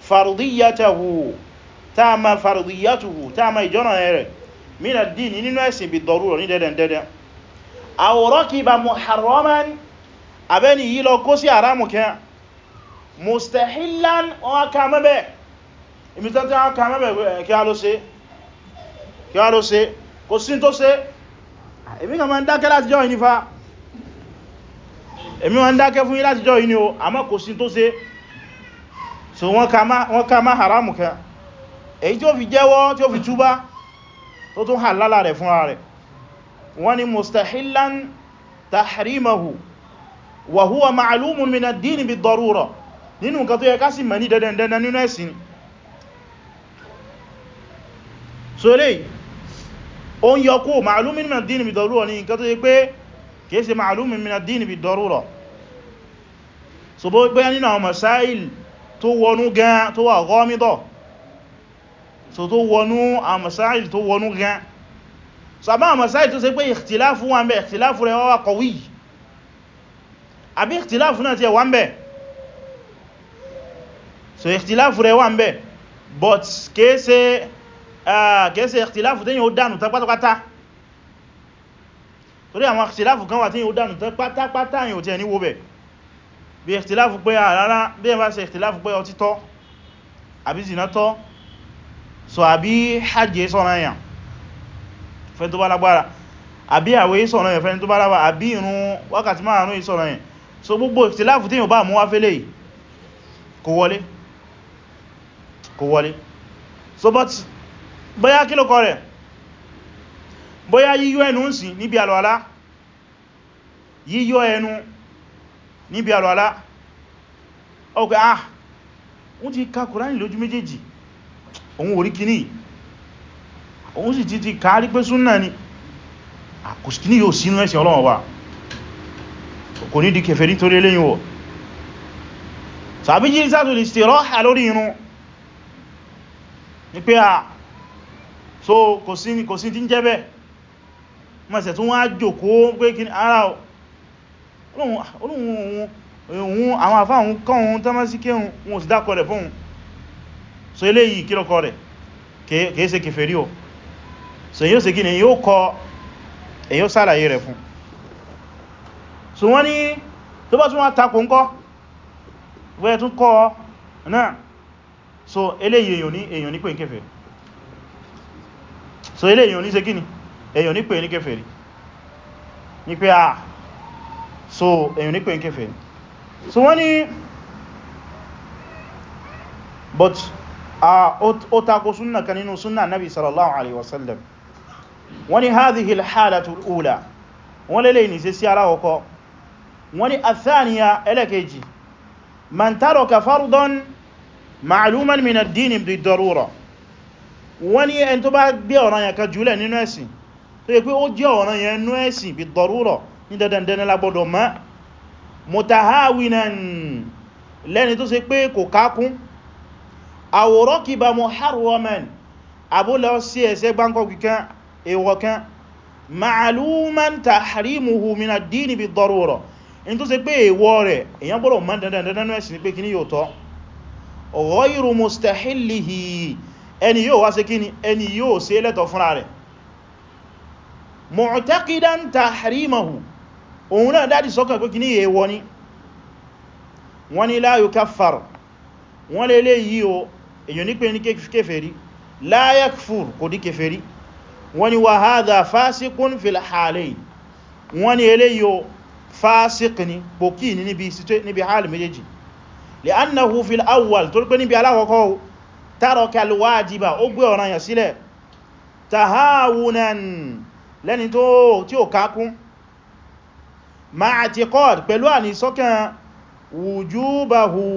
Speaker 1: fardiyyatahu ta ma fardiyyatuhu ta ma ìjọ́nà rẹ̀ min ad-din nínú ẹ̀sìn bi darura ní dẹ́dẹ̀dẹ́dẹ́ aw rakiba muharraman abẹ́ni yí lọ kó sí àrámù kẹ́ mustahillan wọ́n ká mẹ́bẹ̀ ibi tó tí wọ́n ká mẹ́bẹ̀ eh, kí a ló ṣe kí a ló ṣe kò sí tó ṣe èmi kàn máa ń dákẹ́ láti jọ yìí nífà èmi wọ́n ń dákẹ́ fún yí láti jọ yìí ni o àmọ́ kò sí tó ṣe so wọ́n ká má haramu kẹ́ èyí tí ó fi jẹ́wọ́ tí ó fi túbá tó tún halala rẹ̀ fún ara rẹ̀ wọ́n ni mustahillan tahrimahu wa huwa ma'lumun min ad-din bid-darura nínú nǹkan tó yẹ ká sì mọ̀ ní dandan dandan nínú ẹ̀sìn so lè o ń yọ kó ma'lumun min ad-din bid-darura ní nǹkan tó yẹ pé kìí ṣe ma'lumun min ad-din bid-darura so bó gbé nínú àwọn masáìl tó wọnú gan tó wà gọ́mídọ̀ so tó wọnú àwọn masáìl tó wọnú gan àbí ìtìláàfù náà ti ẹ̀wà ń bẹ̀ so ìtìláàfù rẹ̀ wà ń bẹ̀ but kéèsè ìtìláàfù tẹ́yìn ó dánù tán pátápátá torí àwọn ìtìláàfù kan wà tẹ́yìn ó dánù tán pátápátá yìí ò tẹ́ ní wo bẹ̀ bí ìtìláàfù pé àrárá bí ẹ bá ṣe ìtìláàfù pé ọtí tọ́ àbí zina tọ́ so àbí hajjẹ́ sọ́nà yàn fẹ́ àbí àwẹ̀ sọ́nà yàn fẹ́ tó bá lágbára àbí ìrun wákàtí márùn-ún sọ́nà yàn so gbogbo ìtìláàfù tí yíò bá mú wá fẹ́lẹ̀ kò wọlé kò wọlé so but bóyá kí ló kọ rẹ̀ bóyá yíyọ ẹnu ń sìn níbi àlọ́ọ̀lá yíyọ ẹnu níbi àlọ́ọ̀lá ọkọ̀ ah wọ́n ti ka Kùránì lójú méjèèjì òun orí kìíní òun sì ti ti kàárí pé súnnà ni àkùsìkìíní ah, yóò sínú ẹ̀sìn Ọlọ́run kò ní di kèfèrí torí eléyìn wọ̀ sàbí jírí sátò lè stiraha lórí irun ní pé à so kò sí kò sí tí ń jẹ́ tún wá jòkó pé kí ara olóhun àwọn àfá àwọn kọ́hun tó máa sí kí wọn sì dákọ̀ rẹ̀ fóhun so eléyìí kílọ̀kọ́ rẹ̀ kìí ṣe kèfèrí o so yíó ṣe kí ni yíó kọ èyí ó rẹ̀ fún so wọ́n ní tó bá tún wọ́n takò ń kọ́ wọ́n tún kọ́ náà so eléyìí èyàn ní èyàn ní pè ní kèfèrí so eléyìí èyàn ní ṣe kíni èyàn ní pè ní kèfèrí ní pé àà so èyàn ní pè ní kèfèrí so wọ́n ní but ó takò súnnà kan nínú súnnà nabi sallallahu alaihi wasallam wọ́n ní hadhihi al-halatu al wọ́n lélẹ̀ ní sí ara ọkọ̀ wọ́n ni athaniya ẹlẹ́kejì man taraka fardan ma'luman min ad-din bid-darura wọ́n ni ẹni tó bá gbé ọ̀ranyàn kan jùlẹ̀ nínú ẹ̀sìn tó yẹ pé ó jẹ́ ọ̀ranyàn nínú ẹ̀sìn bid-darura ní dandandandan lagbọ́dọ̀ ma mutahawinan lẹ́ni tó in tó ṣe pé èèwọ̀ rẹ̀ èyàn gbọ́dọ̀ mọ́ dandandandanú ẹ̀sìn pé kíní yóò tọ́ ghayru mustahilihi ẹni yóò wá ṣe kíní ẹni yóò ṣe lẹ́tọ̀ fúnra rẹ̀ mu'taqidan tahrimahu òun náà dádì sọ́kàn pé kíní èèwọ̀ ni wọ́n ni la yukaffar wọ́n lè lè yí èyàn ní pé ní kèfèrí la kò dí kèfèrí wọ́n ni wa hadha fásikún fil wọ́n ni eléyìí fásíkì ni pòkí ní níbi hálì méjèèjì li'annahu fil awwal tó pé níbi alákọ̀ọ́kọ́ taraka al-wajiba ó gbé ọ̀ranyàn sílẹ̀ tahawunan lẹ́ni tí ó kákún ma'atikọ́d pẹ̀lú àníṣọ́kàn wujubahu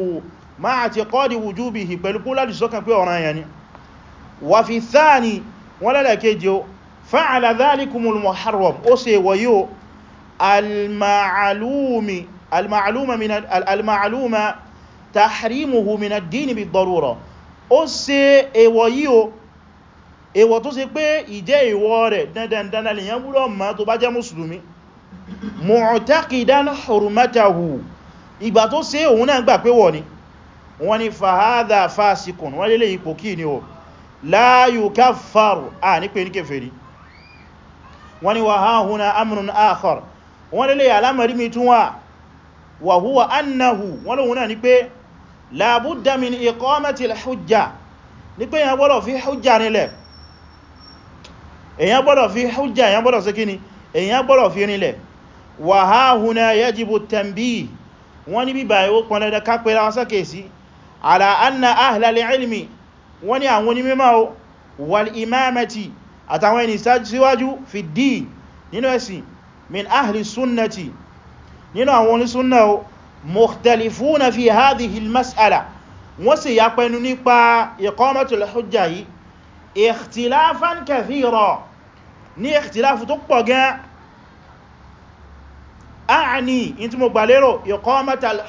Speaker 1: ma'atikọ́d wujubihi pẹ̀lú kó lálìṣọ́kàn pé ọ̀ranyàn ni wa fi thani wọ́n lẹ́lẹ̀kejì fa'ala dhalikumul muharram ó ṣe wọ́yí المعلوم المعلوم من المعلوم تحريمه من الدين بالضرورة ó ṣe èwọ̀ yìí o èwọ̀ tó ṣe pé ìjẹ́ èwọ̀ rẹ̀ dandandandan lè yán búrọ̀ ma tó bá jẹ́ mùsùlùmí mu'taqidan hurmatahu ìgbà tó ṣe òun náà gbà pé wọ̀ ni wọ́n ni fahadha fasikun wọ́n lélẹ̀ ipò kí ni o la yukaffaru a ní pé ní kèfèrí wọ́n ni wa hahuna amrun akhar wọ́n lè alámàrí mi tún wà wa huwa annahu wọ́n lóhun náà ni pé la budda min iqamati al-hujja ní pé èyàn gbọ́dọ̀ fi hujja nílẹ̀ èyàn gbọ́dọ̀ fi hujja èyàn gbọ́dọ̀ sí kíni èyàn gbọ́dọ̀ fi nílẹ̀ wa hahuna yajibu tanbih min ahli sunnati nínú àwọn onísúnnà o mukhtalifuna fi hadhihi al-mas'ala wọ́n sì ya pẹnu nípa iqamatul hujja yìí ikhtilafan kathira ní ikhtilafu tó pọ̀ gan a'ni in tí mo gbà lérò iqamatul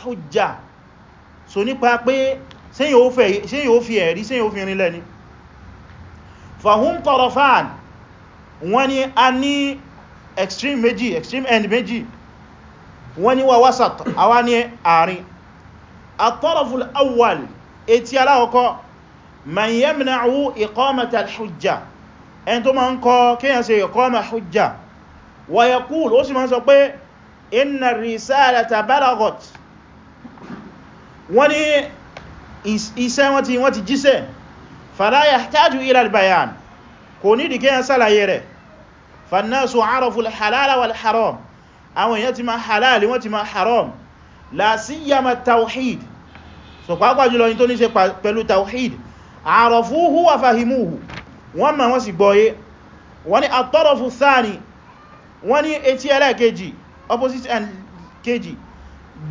Speaker 1: extreme méjì extreme end méjì wọ́n ní wà wasat àwa ní àárín at-taraful awwal etí alákọ̀ọ́kọ́ man yamna'u iqamata al-hujja ẹni tó máa ń kọ kíyàn ṣe iqama hujja wa yaqul ó sì máa ń sọ pé inna ar-risalata balagat wọ́n ní iṣẹ́ wọ́n ti jíṣẹ́ fala yahtaju ila al-bayan kò ní dìkẹ́ yẹn sálàyé rẹ̀ fannasu arafu halala wal haram àwọn èèyàn ti ma halali wọ́n ti ma haram la siyama tawhid so pàápàá jùlọ yìí tó ní ṣe pẹ̀lú tawhid arafuhu wa fahimuhu wọ́n ma wọ́n sì gbọ́yé wọ́n ni at-tarafu thani wọ́n ni etí ẹlẹ́kejì opposite and kejì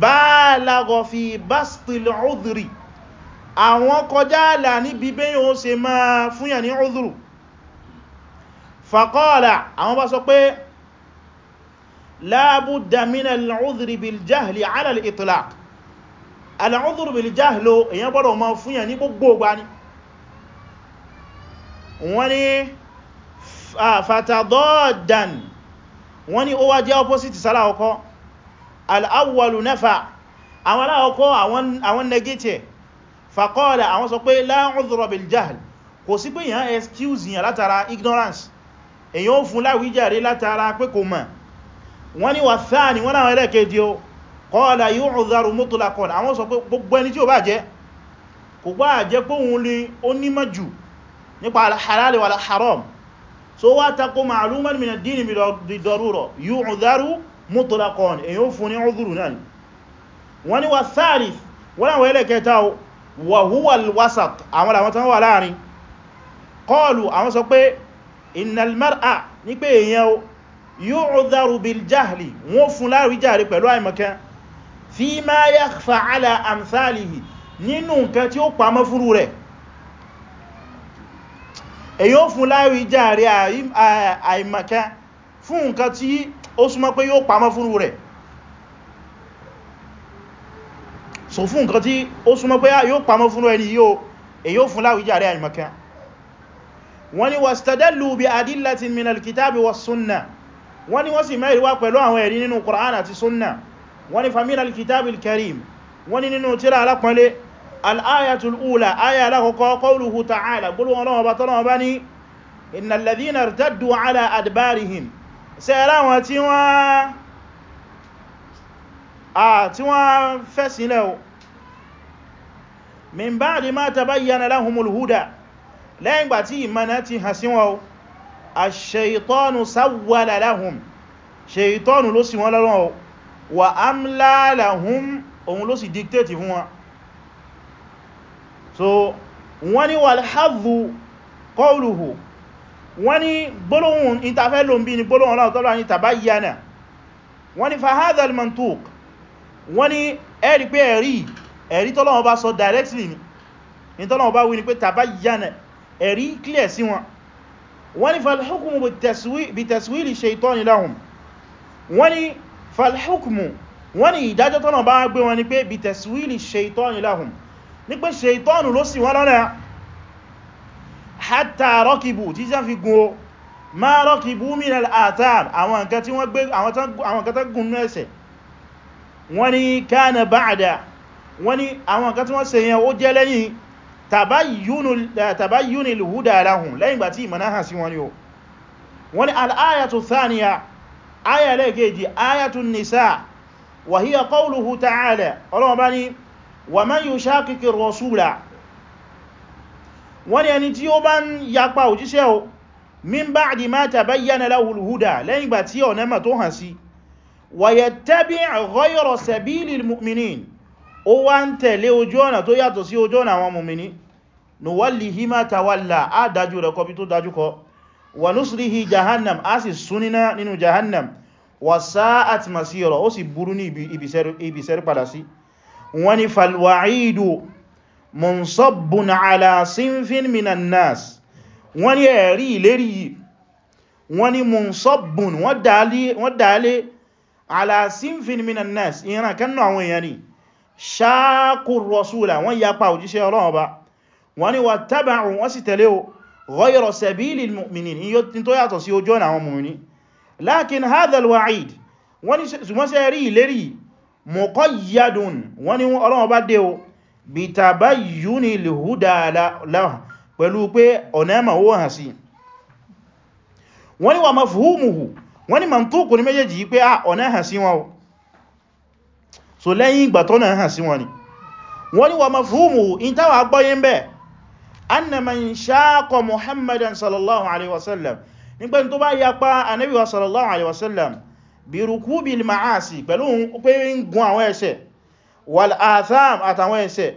Speaker 1: balago fi bastil udhri àwọn kọjá àlà níbi bẹ́yìn ó ṣe máa fúnyà ní udhru fàkọ́ọ̀lá àwọn bá sọ pé láàbúdà mínà al'udhri bil jahli ala al-itlaq al'udhri bil jahli èyàn gbọ́dọ̀ ma fúnyà ní gbogbo gbá ní wọ́n ni fatadọ́dàn wọ́n ni ó wá jẹ́ opposite sára ọkọ́ al'awwalu nafa àwọn aláwọ̀kọ́ àwọn negative fàkọ́ọ̀lá àwọn sọ pé láàbúdà bil kò sí pé èyàn ignorance èyàn ó fún láwíjàre látara pé kò mọ̀ wọ́n ni wà sáà ni wọ́n náà ẹlẹ́kejì o kọ́ọ̀lá yóò ọ̀zọ̀rọ̀ mutlaqan àwọn sọ pé gbogbo ẹni tí ó bá jẹ́ kò gbá jẹ́ pé òun lè onímọ̀ jù nípa al-halal wal-haram so wá takó ma'luman min àwọn sọ pé innal mar'a ní pé èyàn yu'dharu bil jahli wọ́n fún láàrí jàrí pẹ̀lú àìmọ̀kan fi ma yakhfa ala amthalihi nínú nǹkan tí ó pamọ́ fúrú rẹ̀ èyàn fún láàrí jàrí àìmọ̀kan fún nǹkan tí ó súnmọ́ pé yóò pamọ́ fúrú rẹ̀ so fún nǹkan tí ó súnmọ́ pé yóò pamọ́ fúrú ẹni yóò èyàn fún láàrí jàrí àìmọ̀kan wọ́n ni wastadallu bi adillatin min alkitabi was sunna wọ́n ni wọ́n sì mẹ́rin wá pẹ̀lú àwọn ẹ̀rí nínú Qur'an àti sunna wọ́n ni famin alkitabi alkarim wọ́n ni nínú tírà alápọ̀lẹ́ al'ayatul ula lẹ́yìngbà tí ìmọ̀nà ti hàn sí wọn o ash-shaytanu sawwala lahum ṣeìtọ́nù ló sì wọ́n lọ́rọ̀ o wa amla lahum òun ló sì dictate fún wọn so wọ́n ni wal hadhu qawluhu wọ́n ni gbólóhùn ìtafẹ́ lómbí ni gbólóhùn Ọlọ́run tọ́lá ni fa hadha ẹ̀rí kílẹ̀ sí wọn wọ́n ni falhukumu bí taswili shaitani lahum wọ́n ni falhukumu wọ́n ni ìdájọ́ tọ́nà bá gbé wọn ni pé bí taswili shaitani lahum ní pé shaitani ló sì wọ́n lọ́nà hatta rakibu tí sá fi gun o ma rakibu min al-athar àwọn nǹkan tí wọ́n tàbáyúnì lùhúdà láhùn lẹ́yìn gbà tí ìmọ̀ná hàn sí wọn ni o wọ́n ni al'ayatu thaniya aya lẹ́gẹ̀ẹ́jì ayatun nisa wa hiya qawluhu ta'ala ọlọ́wọ́ bá ní wa man yushaqiqir rasula wọ́n ni ẹni tí ó bá ń yapa òjíṣẹ́ o min ba'di ma tabayyana lahu al lẹ́yìn gbà tí ọ̀nà mọ̀ tó hàn sí wa yattabi' ghayra sabilil mu'minin ó wá ń tẹ̀lé ojú ọ̀nà tó yàtọ̀ sí ojú ọ̀nà àwọn mùmìní nuwallihi ma tawalla á dájú rẹ̀ kọbi tó dájú kọ wa nuslihi jahannam á sì súnina nínú jahannam wa sa'at masira ó sì burú ní ibisẹ́rí padà sí wọ́n ni falwa'idu munsabbun ala sinfin minan nas wọ́n ni ẹ̀rí ìlérí wọ́n ni munsabbun wọ́n dálé ala sinfin minan nas ìran kannú àwọn èèyàn ni ṣáàkù rọ̀súlà wọ́n yapa òjíṣẹ́ Ọlọ́run Ọba wọ́n ni wà tábàrùn wọ́n sì tẹ̀lé o ghayra sabilil mu'minin in tó yàtọ̀ sí ojú ọ̀nà àwọn mu'minin lakin hadhal wa'id wọ́n ni ṣùgbọ́nsẹ́ rí ìlérí muqayyadun wọ́n ni Ọlọ́run Ọba dé o bí tabayyuni lhuda lahum pẹ̀lú pé ní méjèèjì pé ah, ọ̀nà hàn sí wọn so lẹ́yìn ìgbà tó náà hàn sí wọn ni wọ́n ni wà mafhumu in táwà agbọ́yé ń bẹ́ anna man shaqa muhammadan sallallahu alaihi wasallam nígbẹ́ tó bá yapa anabiwa sallallahu alaihi wasallam bi rukubil ma'asi pẹ̀lú pé ń gun àwọn ẹ̀ṣẹ̀ wal atham àtàwọn ẹ̀ṣẹ̀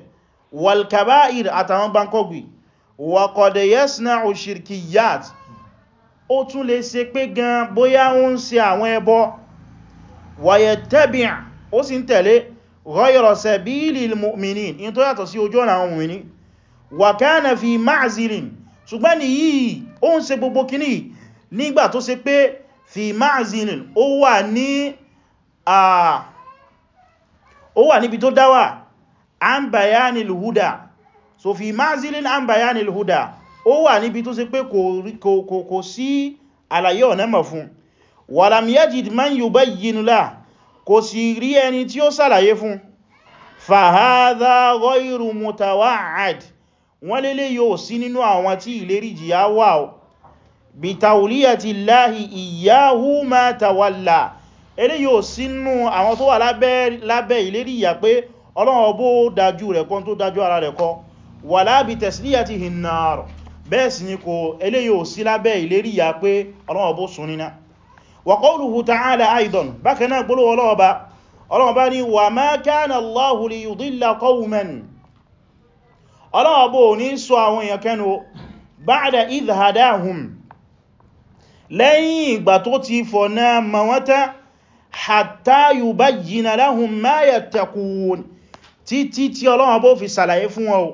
Speaker 1: wal kaba'ir àtàwọn bankogbi wa qad yasna'u shirkiyat ó tún lè ṣe pé gan bóyá ń ṣe àwọn ẹbọ wa yattabi' ó sì ń tẹ̀lé ghayra sabilil mu'minin in tó yàtọ̀ sí ojú ọ̀nà àwọn mu'minin wa kana fi ma'zilin ṣùgbọ́n ni yìí ó ń ṣe gbogbo kíní nígbà tó ṣe pé fi ma'zilin ó wà ní ó wà níbi tó dáwà an bayanil huda so fi ma'zilin kò sì rí ẹni tí ó sàlàyé fún fàhádá ghayru mutawa'ad wọ́n lélé yóò sí nínú àwọn tí ìlérí jìyà wà ó bí tàwùlíyàtì láhì ìyáhú ma tàwàlà eré yóò sí nínú àwọn tó wà lábẹ́ ìlérí ìyà pé Ọlọ́run ọbó dájú rẹ̀ kọ́ tó dájú وقوله تعالى أيضا بكنا قلوا ولوبا ولوباني وما كان الله ليضل قوما ولوبوني سواهن يكنوا بعد إذ هداهم لن بطوتي فنا موتا حتى يبين لهم ما يتقون تي تي Ọlọ́run bó في ṣàlàyé fún wọn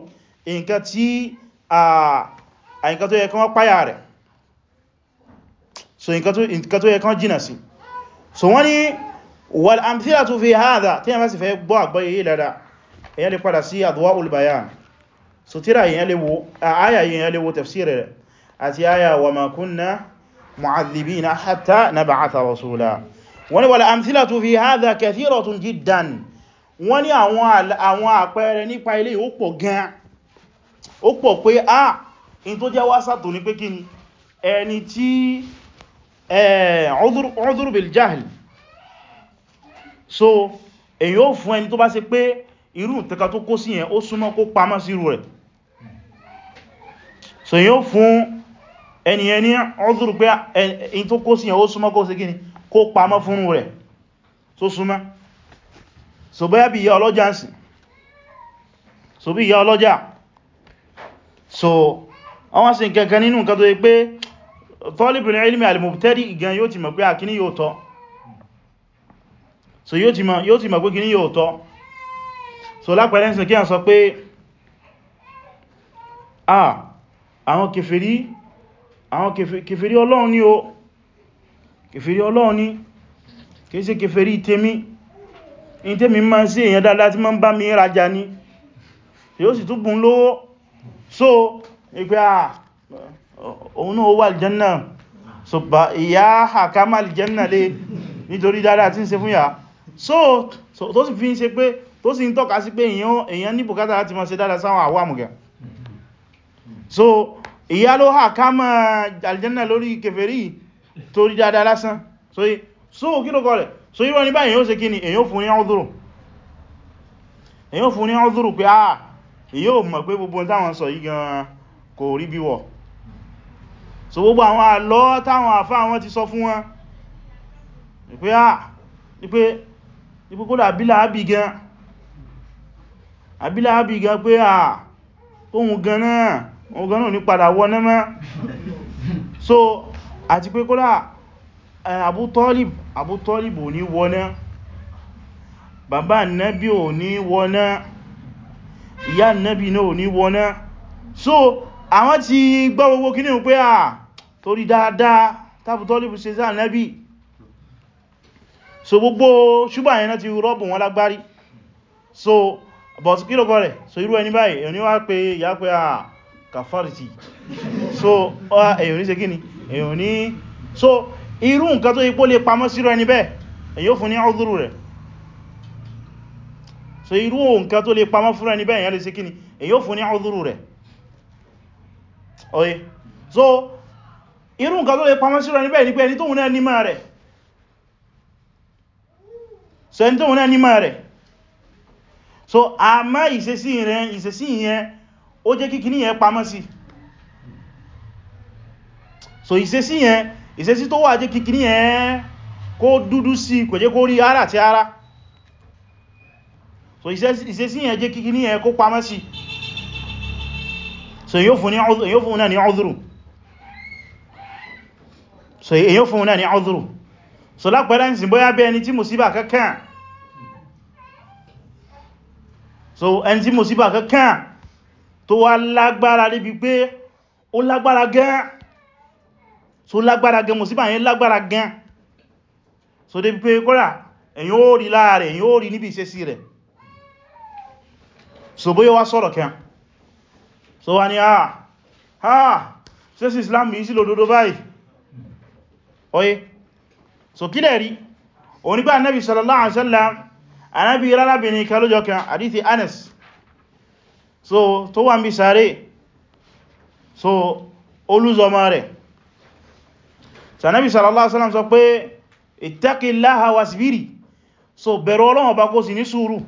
Speaker 1: nǹkan tí àà nǹkan tó yẹ kí wọ́n so nǹkan tó yẹ kán jìnà sí so wọ́n ni wal amthilatu fi hadha tí a máa sì fẹ́ gbọ́ àgbọ́yé yìí lára èyàn lè padà sí adwa'ul bayan so tíra èyàn lè wo àyà èyàn lè wo tafsir rẹ̀ àti àyà wa ma kunna mu'adhibina hatta nab'atha rasula wọ́n ni wal amthilatu fi hadha kathiratun jiddan wọ́n ní àwọn àpẹẹrẹ nípa ilé ó pọ̀ gan ó pọ̀ pé ah in tó jẹ́ wásàtò ní pé kí ni ẹni tí udhur bil jahl so èyí ó fún ẹni tó bá ṣe pé irú ǹtẹ́ka tó kó sí yẹn ó súnmọ́ kó pamọ́ sí irú rẹ̀ so èyí ó fún ẹni ẹni udhur pé èyí tó kó sí yẹn ó súnmọ́ kó sí gíní kó pamọ́ fún rẹ̀ tó súnmọ́ so bẹ́ẹ̀ bí ìyá ọlọ́jà ń sìn so bí ìyá ọlọ́jà so àwọn sì kẹ̀kẹ́ nínú nǹkan tó yẹ pé tọ́lìbìn ilmi al-mubtadi igan yóò ti mọ̀ pé àkíní yóò tọ́ so yóò ti mọ̀ pé kíní yóò tọ́ so lápẹẹrẹ sí kí a sọ pé ah àwọn kèfèrí àwọn kèfèrí ọlọ́run ni o kèfèrí ọlọ́run ni kìí ṣe kèfèrí tèmi in tèmi máa ń ṣe èyàn dáadáa tí máa ń bá mi rajà ni yóò sì túbùn lówó so ìpé ah òun náà ó wà aljanna so bá ìyá àkámà aljanna lé nítorí dáadáa tí ń ṣe fún yà so tó sì fi ń ṣe pé tó sì ń tọ́ka sí pé èyàn ní bùkátà láti máa ṣe dáadáa sáwọn àwọn àmùgà so ìyá ló eh, àkámà aljanna lórí kèfèrí torí dáadáa lásán so kí ló kọ́ rẹ̀ so irọ́ ní báyìí yóò ṣe kí ni èyàn fún ní ọdúrù èyàn fún ní ọdúrù pé ah èyàn ò mọ̀ pé gbogbo táwọn sọ yìí gan kò rí bí so gbogbo àwọn àlọ́ táwọn àfá wọn ti sọ fún wọn nípé à ah, nípé nípé kó dà abílà ábì gan abílà ábì gan pé à ah, ohun gan náà ohun gan náà ní padà wọ náà so àti pé kó dà Abu Talib ò ní wọ bàbá nẹ́bí ò ní wọ ìyá nẹ́bí náà ò ní wọ so àwọn ti gbọ́ gbogbo kí ní pé à ah, torí dáadáa tábútọ́lìbù ṣe sáà nẹ́bí so gbogbo ṣúgbà yẹn ti rọ́bù wọn lágbárí so but kí lọ́kọ́ rẹ̀ so irú ẹni báyìí èyàn wá pé ìyá pé à ah, kàfàrìtì so èyàn ní ṣe ni, èyàn ní so irú nǹkan tó ipò lè pamọ́ sírọ ẹni bẹ́ẹ̀ èyàn fún ní ọdúrú rẹ̀ so irú nǹkan tó lè pamọ́ fún ẹni bẹ́ẹ̀ èyàn lè ṣe kíni oye so irú nǹkan tó lè pamọ́ sí rẹ̀ níbẹ̀ ní pé ẹni tóhun náà nímọ̀ rẹ̀ so ẹni tóhun náà nímọ̀ rẹ̀ so a má ìṣesí rẹ̀ ìṣesí yẹn ó jẹ́ kíkí ní yẹn pamọ́ sí so ìṣesí yẹn ìṣesí tó wà jẹ́ kíkí ní yẹn kó dúdú sí kò jẹ́ kó rí ara ti ara so ìṣesí yẹn jẹ́ kíkí ní yẹn kó pamọ́ sí so yóò fún náà ní ọdúrùn so èyí fún náà ní ọdúrù so lápẹ́lẹ́ ń sin bóyá bí ẹni tí mùsíbà kankan so ẹni tí mùsíbà kankan tó wá lágbára ríbi pé ó lágbára gan so lágbára gan mùsíbà yẹn lágbára gan so débi pé kọ́rà ẹ̀yin ó rí lára rẹ̀ ó rí níbi ìṣesí rẹ̀ so bóyá wá sọ̀rọ̀ kan so wá ní ah ah ṣe sí Islam yìí sí lòdòdó báyìí oye so kílẹ̀ rí onígbà anábi sallallahu alaihi wasallam anábi rárábìnrin kalójọ kan àdíti anas so tó wà ń bí sáré so olúzọmọ rẹ̀ so anábi sallallahu alaihi wasallam sọ pé ittaqillaha wasbiri so bẹ̀rọ ọlọ́wọ̀n bá kó sì ní sùúrù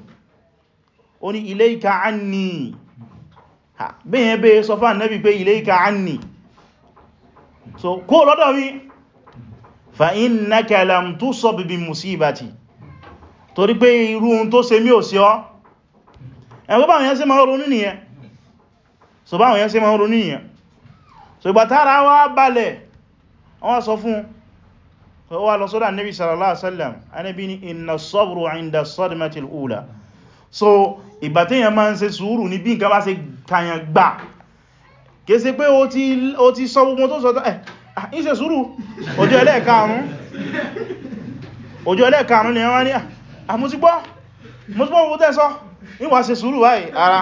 Speaker 1: ó ní ilayka anni bẹ́yẹn bẹ́ so kó lọ́dọ̀ mi fa innaka lam tusab bi musibati torí pé irú ohun tó ṣe mí ò sí ọ́ ẹ̀wọ́ báwọn yẹn ṣe máa ronú nìyẹn so báwọn yẹn ṣe máa ronú nìyẹn so ìgbà tára wá balẹ̀ wọ́n sọ fún wọ́n lọ sọ́dọ̀ Ànábì sallallahu alaihi wasallam so ìgbà tí yẹn máa ń ṣe sùúrù ní bí nǹkan bá Ah, ń ṣe sùúrù ọjọ́ ẹlẹ́ẹ̀karùn-ún ọjọ́ ẹlẹ́ẹ̀karùn-ún ni ẹwà ní àmútígbọ́ ah, ah, mútígbọ́ owó tẹ́sọ́ níwà ṣe sùúrù wáyé ara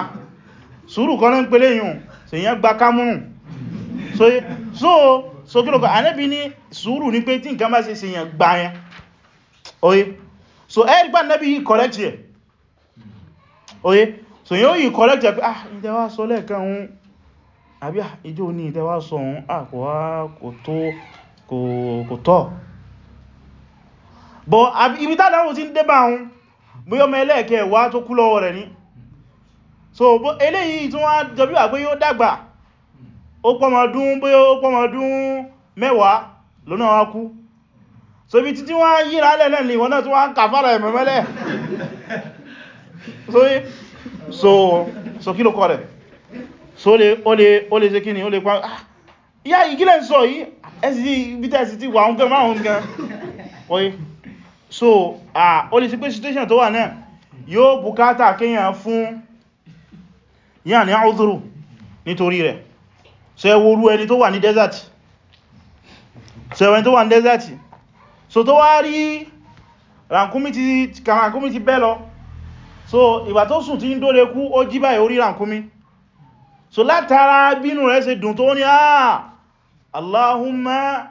Speaker 1: sùúrù kan náà ń pèlé yùn sì yẹn gba kámúrùn so so kí lọ́kọ̀ anẹ́bí ní sùúrù ní pé tí nǹkan bá ṣe ṣe yẹn gbá yẹn oye so ẹ́rì pa nẹ́bí yìí correct yẹ oye so yóò yìí correct yẹ pé ah ìdẹwà sọ lẹ́ẹ̀kan àbí à ah, ijó ní ìtẹ́wà sọ̀hún à ah, kò wá kò tó kò tọ́ bọ̀ ibi tàdánwò tí ń dé bá ohun bí ọmọ ẹlẹ́ẹ̀kẹ́ wá tó kú lọ́wọ́ rẹ̀ ní so bó eléyìí tún wá jọbí wà pé yóò dàgbà ó pọ́mọdún bóyá ó pọ́mọdún mẹ́wàá lónà wá kú so ibi títí wọ́n yíra lẹ́lẹ́ ní ìwọ̀n náà tó wá ń kàfàrà ẹ̀mẹ̀mẹ́lẹ̀ so kí ló kọ́ rẹ̀ so o le se kíni o le pa ah, ìyá ìgílẹ̀ ń sọ yìí ẹ̀sì ibi tẹ́ẹ̀sì ti wà oúnjẹ márùn-ún oye so o le sí pé situation tó wà náà yóò bùkátà kíyàn fún yà ní àúdúrù nítorí rẹ̀ so ẹwọ́rú ẹni tó wà ní desert so ẹwọ́n tó wà ní desert so tó wá rí ràkúnmí ti bẹ́ lọ so ìgbà tó sùn ti ń dóre kú ó jí báyìí orí so látara bínú rẹ̀ ṣe dùn tó ní àà ah, Allahumma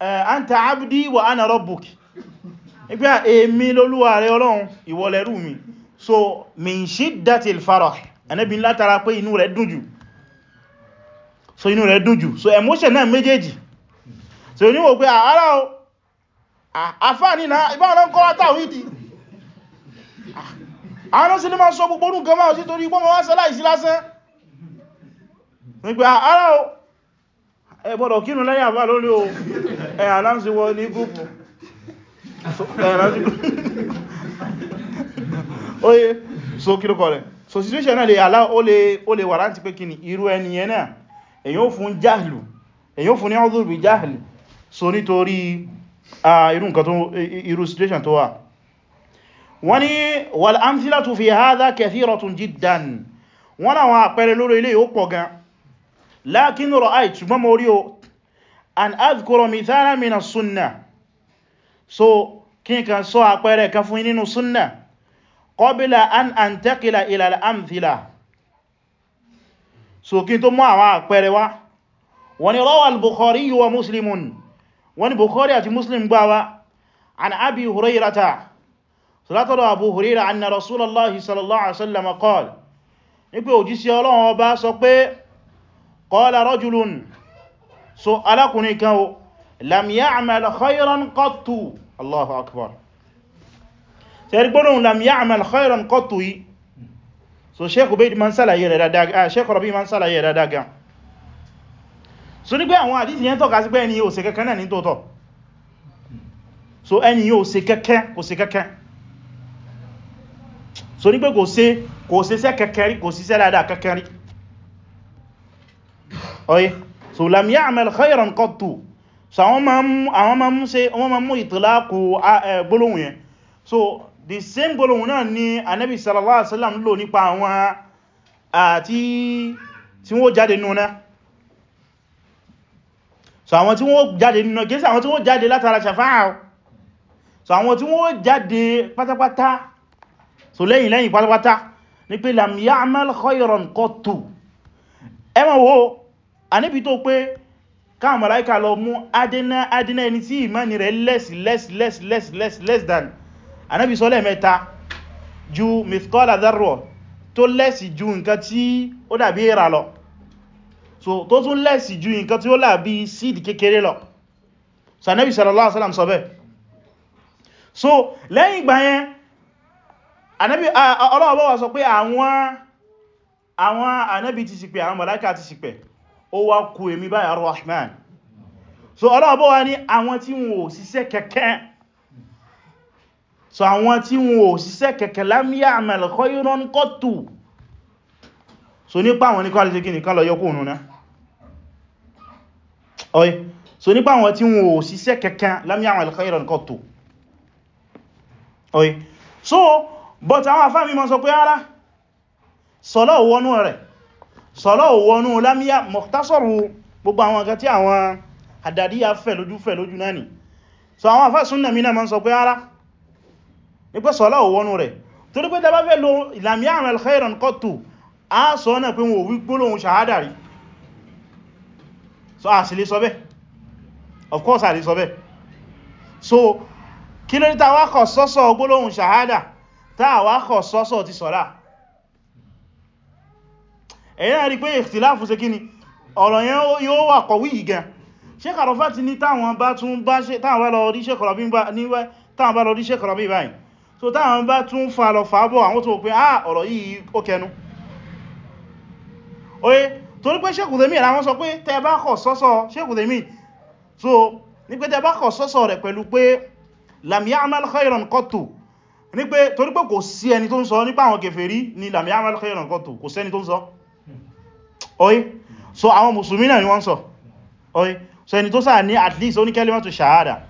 Speaker 1: eh, anta abdi wa ana rabbuk ipẹ́ èmi lólúwa rẹ̀ ọlọ́run ìwọ lẹ́rú mi so min shiddatil farah ẹnẹ́bí látara pé inú rẹ̀ dùn jù so inú rẹ̀ dùn jù so emotion náà méjèèjì so oníwò pé àárá ah, o ah, àfáàní náà ìbáwọn náà kọ́ àwọn sinimá sọ gbogbo orúkọ máa sí torí gbọ́mọ̀ wá sẹ́láìsí lásán nígbà ah, ara o ẹgbọ́dọ̀ kínú lẹ́yìn àbá lórí o ẹ̀yà láti wọ ní gúúpù oye so kírùkọ rẹ̀ so situation náà lè alá o lè wàrántí pé kí ni irú ẹniyẹn náà èyàn fún jáhìlù situation tó wà wọ́n ni wal amthilatu fi hadha kathiratun jiddan wọ́n àwọn àpẹẹrẹ lórí ilé yóò gan lakin ra'ayt ṣùgbọ́n mo rí o an azkuro mithala mina sunna so kí kan sọ àpẹẹrẹ kan fún nínú sunna qabla an antakila ila al-amthila so kí tó mú àwọn àpẹẹrẹ wá wani rawa al-bukhari wa muslimun wani bukhari àti muslim gbawa an abi hurairata so látọ̀dọ̀ abu huraira anna rasulallah sallallahu alaihi wasallam qala ní pé òjísí ọlọ́run ọba sọ pé qala rajulun so alákùnrin kan o lam ya'mal khayran qattu Allahu akbar sẹ́rí gbọ́nà lam ya'mal khayran qattu yìí so Sheikh Ubayd man sálàyé rẹ̀ dáadáa ah, Sheikh Rabi man sálàyé rẹ̀ dáadáa so nígbé àwọn àdísì yẹn tọ́ka sí pé ẹni yóò ṣe kẹ́kẹ́ náà ní tóótọ́ so ẹni yóò ṣe kẹ́kẹ́ kò ṣe kẹ́kẹ́ so nígbé kò ṣe kò ṣe sẹ́ kẹ́kẹ́ rí kò ṣiṣẹ́ dáadáa kẹ́kẹ́ rí oye so lam ya'mal khayran qattu so àwọn ma mú ṣe wọ́n ma mú ìtìláàkù gbólóhùn yẹn so the same gbólóhùn náà ni anabi sallallahu alaihi wasallam lò nípa àwọn àti tí wọ́n jáde nuna so àwọn tí wọ́n jáde nuna kìí àwọn tí wọ́n jáde látara shafa'a so wo anẹ́bí tó pé káwọn màláíkà lọ mú adẹ́nà adẹ́nà ẹni tí ìmáni rẹ̀ less less less less less less than anẹ́bí sọ lẹ́ẹ̀mẹ́ta ju mithqala dharra tó lẹ́sì ju nǹkan tí ó dàbí èèrà lọ so tó tún lẹ́sì ju nǹkan tí ó dàbí seed kékeré lọ so anẹ́bí sallallahu alaihi wasallam sọ bẹ́ẹ̀ so lẹ́yìn ìgbà yẹn ànábì Ọlọ́run bá wa sọ pé àwọn àwọn ànábì ti ṣìpẹ̀ àwọn màláíkà ti ṣìpẹ̀ ó wá kú èmi báyìí ar-Rahman so Ọlọ́run bọ́ wá ní àwọn tí wọn ò ṣiṣẹ́ kẹ̀kẹ́ so àwọn tí wọn ò ṣiṣẹ́ kẹ̀kẹ́ lam ya'mal khayran qattu so nípa àwọn nípa alìsẹ́ gini kan lọ yọkó ònú ná ọ̀yẹ́ so nípa àwọn tí wọn ò ṣiṣẹ́ kẹ̀kẹ́ lam ya'mal khayran qattu ọ̀yẹ́ so but àwọn afáàmì mọ́ sọ pé ara sọ́lọ́ wọnú rẹ̀ sọ̀lọ́ òwọnú lámíyà mọ̀tásọ̀rù gbogbo àwọn nǹkan tí àwọn àdàdíyà fẹ̀ lójú fẹ̀ lójú náà ni so àwọn àfá súnnà mí náà ma ń sọ pé ara ní pé sọ̀lọ́ òwọnú rẹ̀ torí pé tàbá fẹ́ lo ìlàmíyà àwọn alkhairan kọ́tù a sọ náà pé wọn ò wí ẹ̀yà rí pé ìtìláàfù ṣe kíni ọ̀rọ̀ yẹn yóò wà kọ̀wí ìgẹn Sheikh Arafat ní táwọn bá tún bá lọ rí Sheikh Rabi báyìí so táwọn bá tún fa lọ fàábọ̀ àwọn tó pé ah ọ̀rọ̀ yìí ó kẹnu oye torí pé Sheikh Uthaymeen àwọn sọ pé tẹ bá so ní pé tẹ bá kọ̀ sọ́sọ́ rẹ̀ pẹ̀lú pé lam ya'mal khayran qattu ní pé torí pé kò sí ẹni tó ń sọ nípa àwọn kèfèrí ni lam ya'mal khayran kò sẹ́ni tó ń sọ oi so àwọn musulmi náà ni wọ́n sọ oi so ẹni tó sáà ní at least ó ní kẹlimatu shahada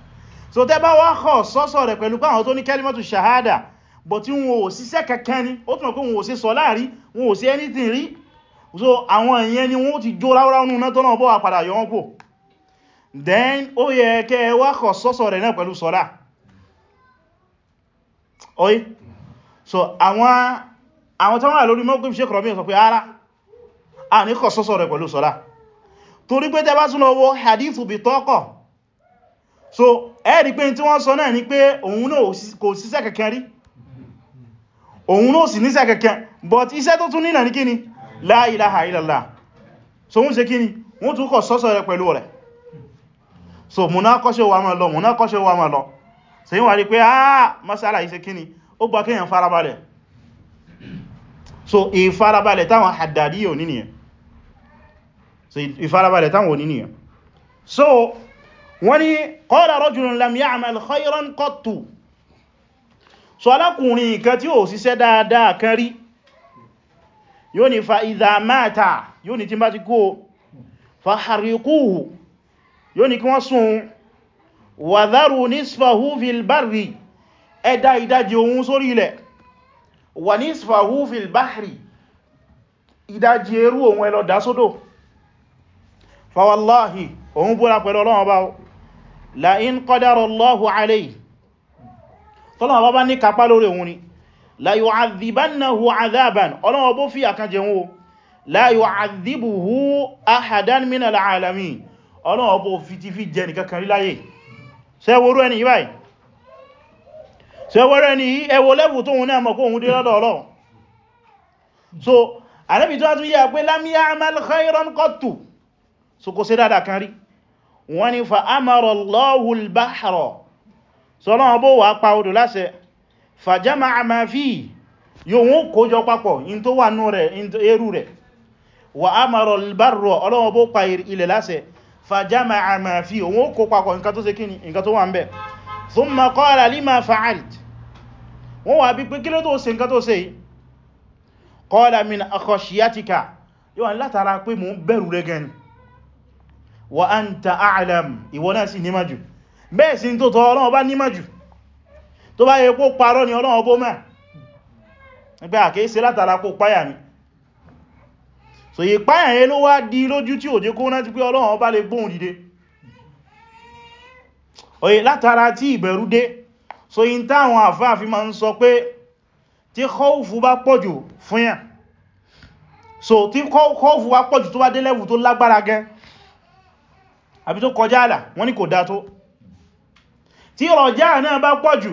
Speaker 1: so tẹ́ bá wá kọ́ sọ́sọ́ rẹ̀ pẹ̀lú pé àwọn tó ní kẹlimatu shahada but tí wọn ò síṣẹ́ kankan ní ó túnmọ̀ pé wọn ò sí sọ láàrí wọn ò sí anything ri. so àwọn èèyàn ni wọ́n ti jó láwọ́ráwọ́ nínú tó náà bo wà padà yọ wọ́n kò then ó ke kẹ́ wá kọ́ sọ́sọ́ rẹ̀ náà pẹ̀lú sọ́lá oi so àwọn àwọn tó wà lórí mọ́kún ṣe kọ̀rọ̀mí sọ pé ara a ní kọ̀ sọ́sọ̀ rẹ̀ pẹ̀lú sọ́lá torí pé tẹ́ bá tún hadithu bí tọ́kọ̀ so ẹ́ rí pé tí wọ́n sọ náà ni pé òun náà kò síṣẹ́ kẹ̀kẹ́ rí but iṣẹ́ tó tún nínà ní kíni la ilaha so wọ́n ṣe kíni wọ́n tún kọ̀ so múnákọ́ṣe wa máa lọ múnákọ́ṣe wa máa lọ so yíwa rí pé ah masala yìí ṣe kíni so ìfarabalẹ̀ táwọn haddadi yóò nínìyàn so ìfarabalẹ̀ táwọn oníníyàn so wọ́n ni qala rajulun lam ya'mal khayran qattu so alákùnrin nǹkan tí ó ṣiṣẹ́ dáadáa kan rí yóò ní fa idha mata yóò ní tí bá ti kó fa harriquhu yóò ní kí wọ́n sun wa dharu nisfahu fil barri ẹ̀dá ìdájì ohun sórí ilẹ̀ wa nisfahu fil ìdájì eru ohun ẹlọ́dá fawallahi òun búra pẹ̀lú ọlọ́wọ́ bá la in qadarallahu alayhi tọ́lọ́wọ́ bá ní kapá lórí òun ni la yu'adhibannahu 'adhaban ọlọ́wọ́ bó fi àkànjẹ wọn la yu'adhibuhu ahadan minal alamin ọlọ́wọ́ bó fi ti fi jẹ nìkan kan rí láyé sẹ́wọ́rú ẹni yìí báyìí sẹ́wọ́rú ẹni yìí ẹwọ lẹ́bù tóhun náà mọ̀ so kò sí dáadáa kan rí wọ́n ni fa amarallahu al-bahra sọ́lọ́wọ́ bó wà pa odò láṣẹ fa jama'a ma fi yóò wọ́n kójọ papọ̀ in tó wà nú rẹ̀ in tó eru rẹ̀ wa amara al-barra ọlọ́wọ́ bó pa ilẹ̀ láṣẹ fa jama'a ma fi wọ́n kó papọ̀ nǹkan tó ṣe kíni nǹkan tó wà ń bẹ̀ thumma qala lima fa'alt wọ́n wà bí pé kí ló tó ṣe nǹkan tó ṣe qala min akhashiyatika yóò wà látara pé mò ń bẹ̀rù gan ni wa anta a'lam ìwọ náà sì nímọ̀ jù bẹ́ẹ̀ sí tó tọ́ Ọlọ́run bá nímọ̀ jù tó bá yẹ kó parọ́ ni Ọlọ́run bó mẹ́ nígbẹ́ àkéèsí látara kó páyà mi so yí páyà yẹ ló wá di lójú tí òjé kó náà ti pé Ọlọ́run bá lè gbóhùn dìde oye látara tí ìbẹ̀rú dé so yí táwọn àfáàfí ma ń sọ pé tí khawfu bá pọ̀jù fún yà so tí khawfu bá pọ̀jù tó bá dé level tó lágbára gan àbí tó kọjá àlà wọ́n ní kò dá tó tí rọjá náà bá pọ̀ jù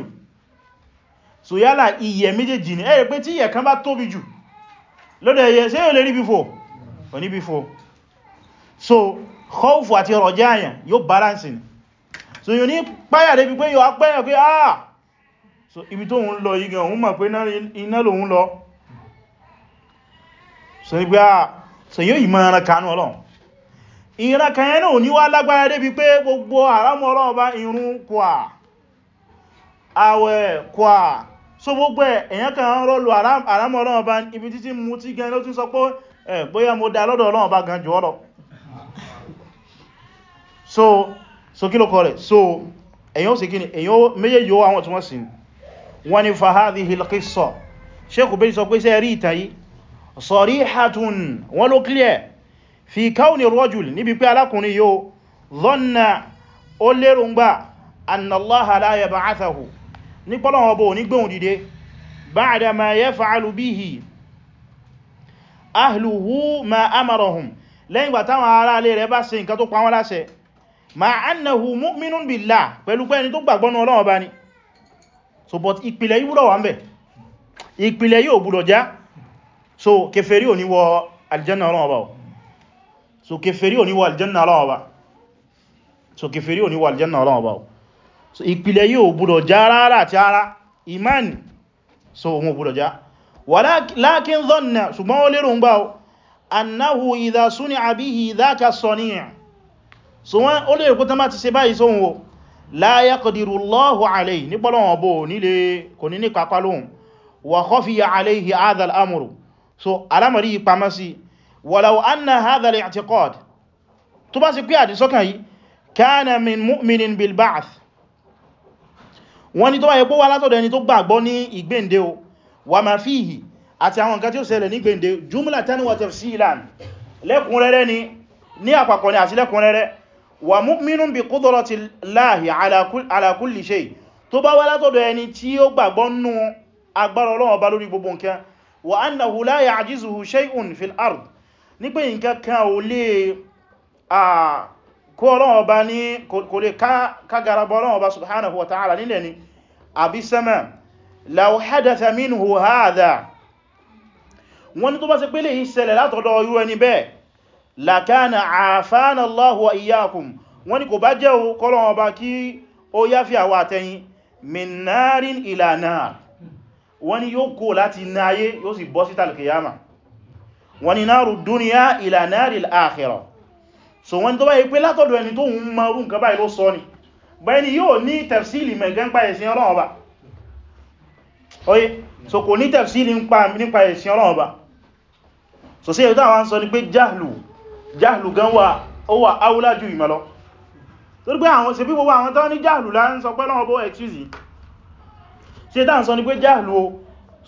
Speaker 1: so yálà iyẹ̀ méjèèjì ní ẹ̀rẹ̀ pé tí iyẹ̀ kan bá tóbi jù lọ́dọ̀ ẹ̀yẹ sí yóò lè rí bífò òní bífò so khawfu àti rọjá àyàn yóò balancing so yóò ní páyà débi pé yóò apẹ́yàn pé ah so ibi tó ń lọ igan òun mọ̀ pé iná lòun lọ so ah! yóò ìmọ̀ ẹran kanú ọlọ́run ìran kan ní wá lágbára débi pé gbogbo àrámọ́ ọlọ́run irun kwà àwẹ̀ kwà so gbogbo èyàn kan rọ́lù àrámọ́ ọlọ́run ibi títí mú tí gan ló tún sọ pé ẹ̀ bóyá mo dá lọ́dọ̀ ọlọ́run gan jù ọ́lọ́ so so kí so èyàn ó sì kíni èyàn méjè yóò àwọn tí wọ́n fahadi hilkisa sheikh obin sọ pé sẹ́ rí fi kauni rajul níbi pé alákùnrin yóò zọ́nà ó lérò ń gbà annallaha la yab'athahu ní pọ́lọ̀wọ́ bó ní gbóhùn dìde ba'da ma yaf'alu bihi ahluhu ma amarahum lẹ́yìn gbà táwọn ará alé rẹ̀ bá ṣe nǹkan tó pa wọ́n láṣẹ ma annahu mu'minun billah pẹ̀lú pé ẹni tó gbàgbọ́ nínú Ọlọ́run bá ni so so kèfèrí ò ní wà aljanna Ọlọ́run Ọba so kèfèrí ò ní wà aljanna Ọlọ́run Ọba so ìpìlẹ̀ yìí ò gbọ́dọ̀ já rárá àti ara imani so òun ò gbọ́dọ̀ já walakin dhanna ṣùgbọ́n ó ń bá o la yaqdiru Allahu alayhi nípọ́lọ̀wọ̀n bó nílé kò so alamari ipamasi walau anna hadha al-i'tiqad tó bá sì pé àdìsọ́kàn yìí kana min mu'minin bil ba'th wọ́n ní tó bá yẹ pó wá látọ̀dọ̀ ẹni tó gbàgbọ́ ní ìgbéǹde o wa ma fihi àti àwọn nǹkan tí ó ṣẹlẹ̀ ní gbéǹde jumlatan wa tafsilan lẹ́kùnrẹ́rẹ́ ni ní àpapọ̀ ni àti lẹ́kùnrẹ́rẹ́ wa mu'minun bi qudrati llahi ala kulli annahu la ya'jizuhu shay'un fil ard ní pé nǹkan kan ò lè kó Ọlọ́run Ọba ní kò lè kágarabọ Ọlọ́run Ọba subhanahu wa ta'ala nílẹ̀ ni àbí sẹ́mẹ̀ law hadatha minhu hadha wọ́n ni tó bá ṣe pé lè ìṣẹ̀lẹ̀ látọ̀dọ̀ irú ẹni bẹ́ẹ̀ lakana afana Allahu wa iyyakum wọ́n ni kò wọ́n ni náàrù dúníyà ìlà náàrì àkhírà so wọ́n tó báyìí pé látọ̀dọ̀ ẹni tó ń marú nǹkan báyìí ló sọ ni báyìí ni yóò ní tafsili mẹ́gánpá so kò ní tafsili nípa so sí ẹ̀tọ́ àwọn sọ ni pé jahlu jahlu gan wà ó wà áwúlá ju ìmọ̀ lọ tó rí pé àwọn ṣe bí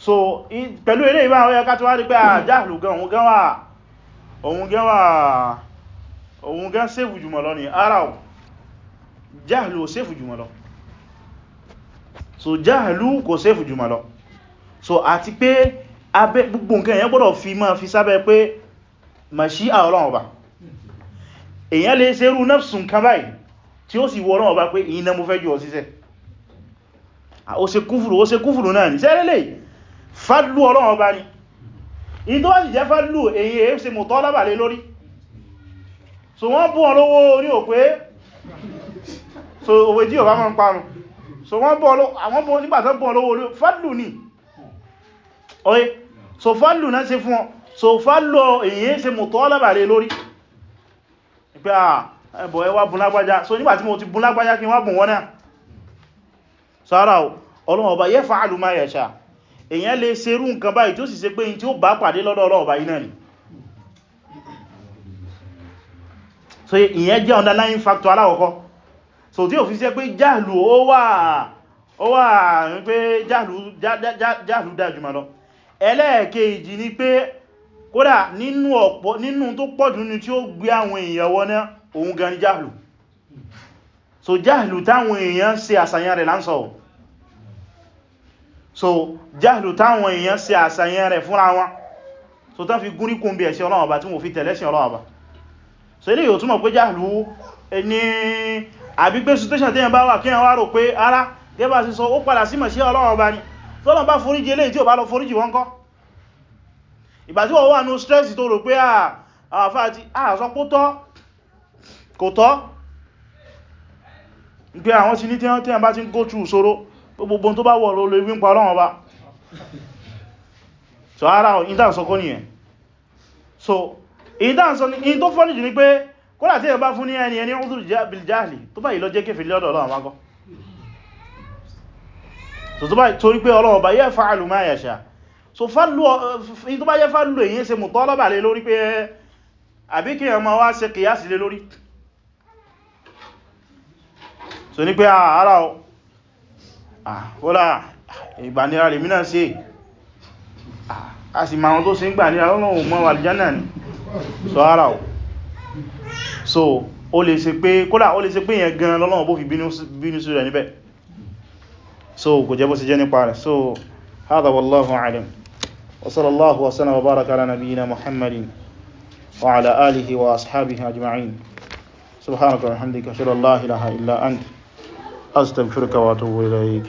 Speaker 1: so pẹ̀lú ilé ìbá àwọn ẹka tí wá rí pé àjáàlù ah, gan òun gan wà òun gan ara ò jáàlù ò sèfù jùmọ̀ so jáàlù kò sèfù so àti pé abẹ́ gbogbo nǹkan èyàn gbọ́dọ̀ fi máa fi sábẹ́ pé màṣí Ọlọ́run ọba èyàn lè ṣe irú nafsun kan báyìí tí ó sì wọ Ọlọ́run ọba pé ìyìn náà fẹ́ jù ọ síṣẹ́ ó ó ṣe kúfùrù náà ní sẹ́rẹ́lẹ́yìí fadlu ọlọ́run ọba ni in tó wá sì jẹ́ fadlu èyí èyí ṣe mọ̀ tọ́lábà lé lórí so wọ́n bú ọ lówó orí òpé so òwe jí ọba mọ́ ń parun so wọ́n bú ọ nígbàtọ́ bú ọ lówó orí fadlu ni oye so fadlu náà ṣe fún ọ so fadlu èyí ṣe mọ̀ tọ́lábà lé lórí pé à ẹbọ̀ ẹwà búnlágbájá so nígbàtí mo ti búnlágbájá kí wọ́n bùn wọ́n náà so ara ọlọ́run ọba yaf'alu ma yasha èyàn lè ṣerú nǹkan báyìí tí ó sì ṣe pé in tí ó bá pàdé lọ́dọ̀ Ọlọ́run báyìí náà ni so ìyẹn jẹ́ underlying factor aláwọ̀kọ́ so tí ò fi ṣe pé jáàlù ó wà ó wà pé jáàlù dájúmọ̀ lọ ẹlẹ́ẹ̀kejì ni pé kódà nínú tó pọ̀jù ní tí ó gbé àwọn èèyàn wọ́n náà òun gan ni so jáàlù táwọn èèyàn ṣe àṣàyàn rẹ̀ láńsọ̀ọ́ so jahlu táwọn èèyàn se àṣàyàn rẹ̀ fúnra wọn so tán fi gúnrí kún bí ẹ̀ṣẹ̀ Ọlọ́run Ọba tí wọ́n fi tẹ̀lé ẹ̀ṣẹ̀ Ọlọ́run Ọba so ilé yóò túnmọ̀ pé jahlu ní àbí pé situation tẹ́yàn bá wà kí wọ́n wá rò pé ara gẹ́bà sí sọ ó padà sí mọ̀ṣẹ́ Ọlọ́run Ọba ni tọ́lọ̀ bá foríjì eléyìí tí ò bá lọ foríjì wọ́n kọ́ ìgbà tí wọ́n wà ní stress tó rò pé àfáàtí àṣọ kó tọ́ kò tọ́ gbé àwọn ti ní tẹ́yàn bá ti ń go through ìṣòro ó gbogbo tó bá wọ̀rọ̀ olè wípa ọlọ́wọ́n bá so ara ìdáǹsọ kọ́ nìyẹn so ìdáǹsọ ni in tó fọ́nì jù ní pé kọ́lá tí ẹ bá fún ní ẹni ẹni udhur biljahli tó bá ìlọ jẹ́ kéfì lọ́dọ̀ ọlọ́wọ́n wákọ́ so tó bá torí pé ọlọ́wọ́n bá yaf'alu ma yasha so fálù in tó bá yẹ fálù èyí ṣe mutalaba lé lórí pé àbí kí ẹmọ wá ṣe kìyàsí so ní pé ah, ara ọ̀ Ah, àfọ́lá ìgbànira lè mínà sí ah, a sì máa wọn tó sí ń gbànira lọ́nà òun mọ́ àlìjánà ní sọ ara ò so ó lè ṣe pé kódà ó lè ṣe pé yẹn gan lọ́nà bó fi bínú sí rẹ̀ níbẹ̀ so kò jẹ́ bó ṣe jẹ́ nípa rẹ̀ so hádà وصلى الله وسلم وبارك على نبينا محمد وعلى آله وأصحابه أجمعين سبحانك وبحمدك أشهد أن لا إله أنت أستغفرك وأتوب إليك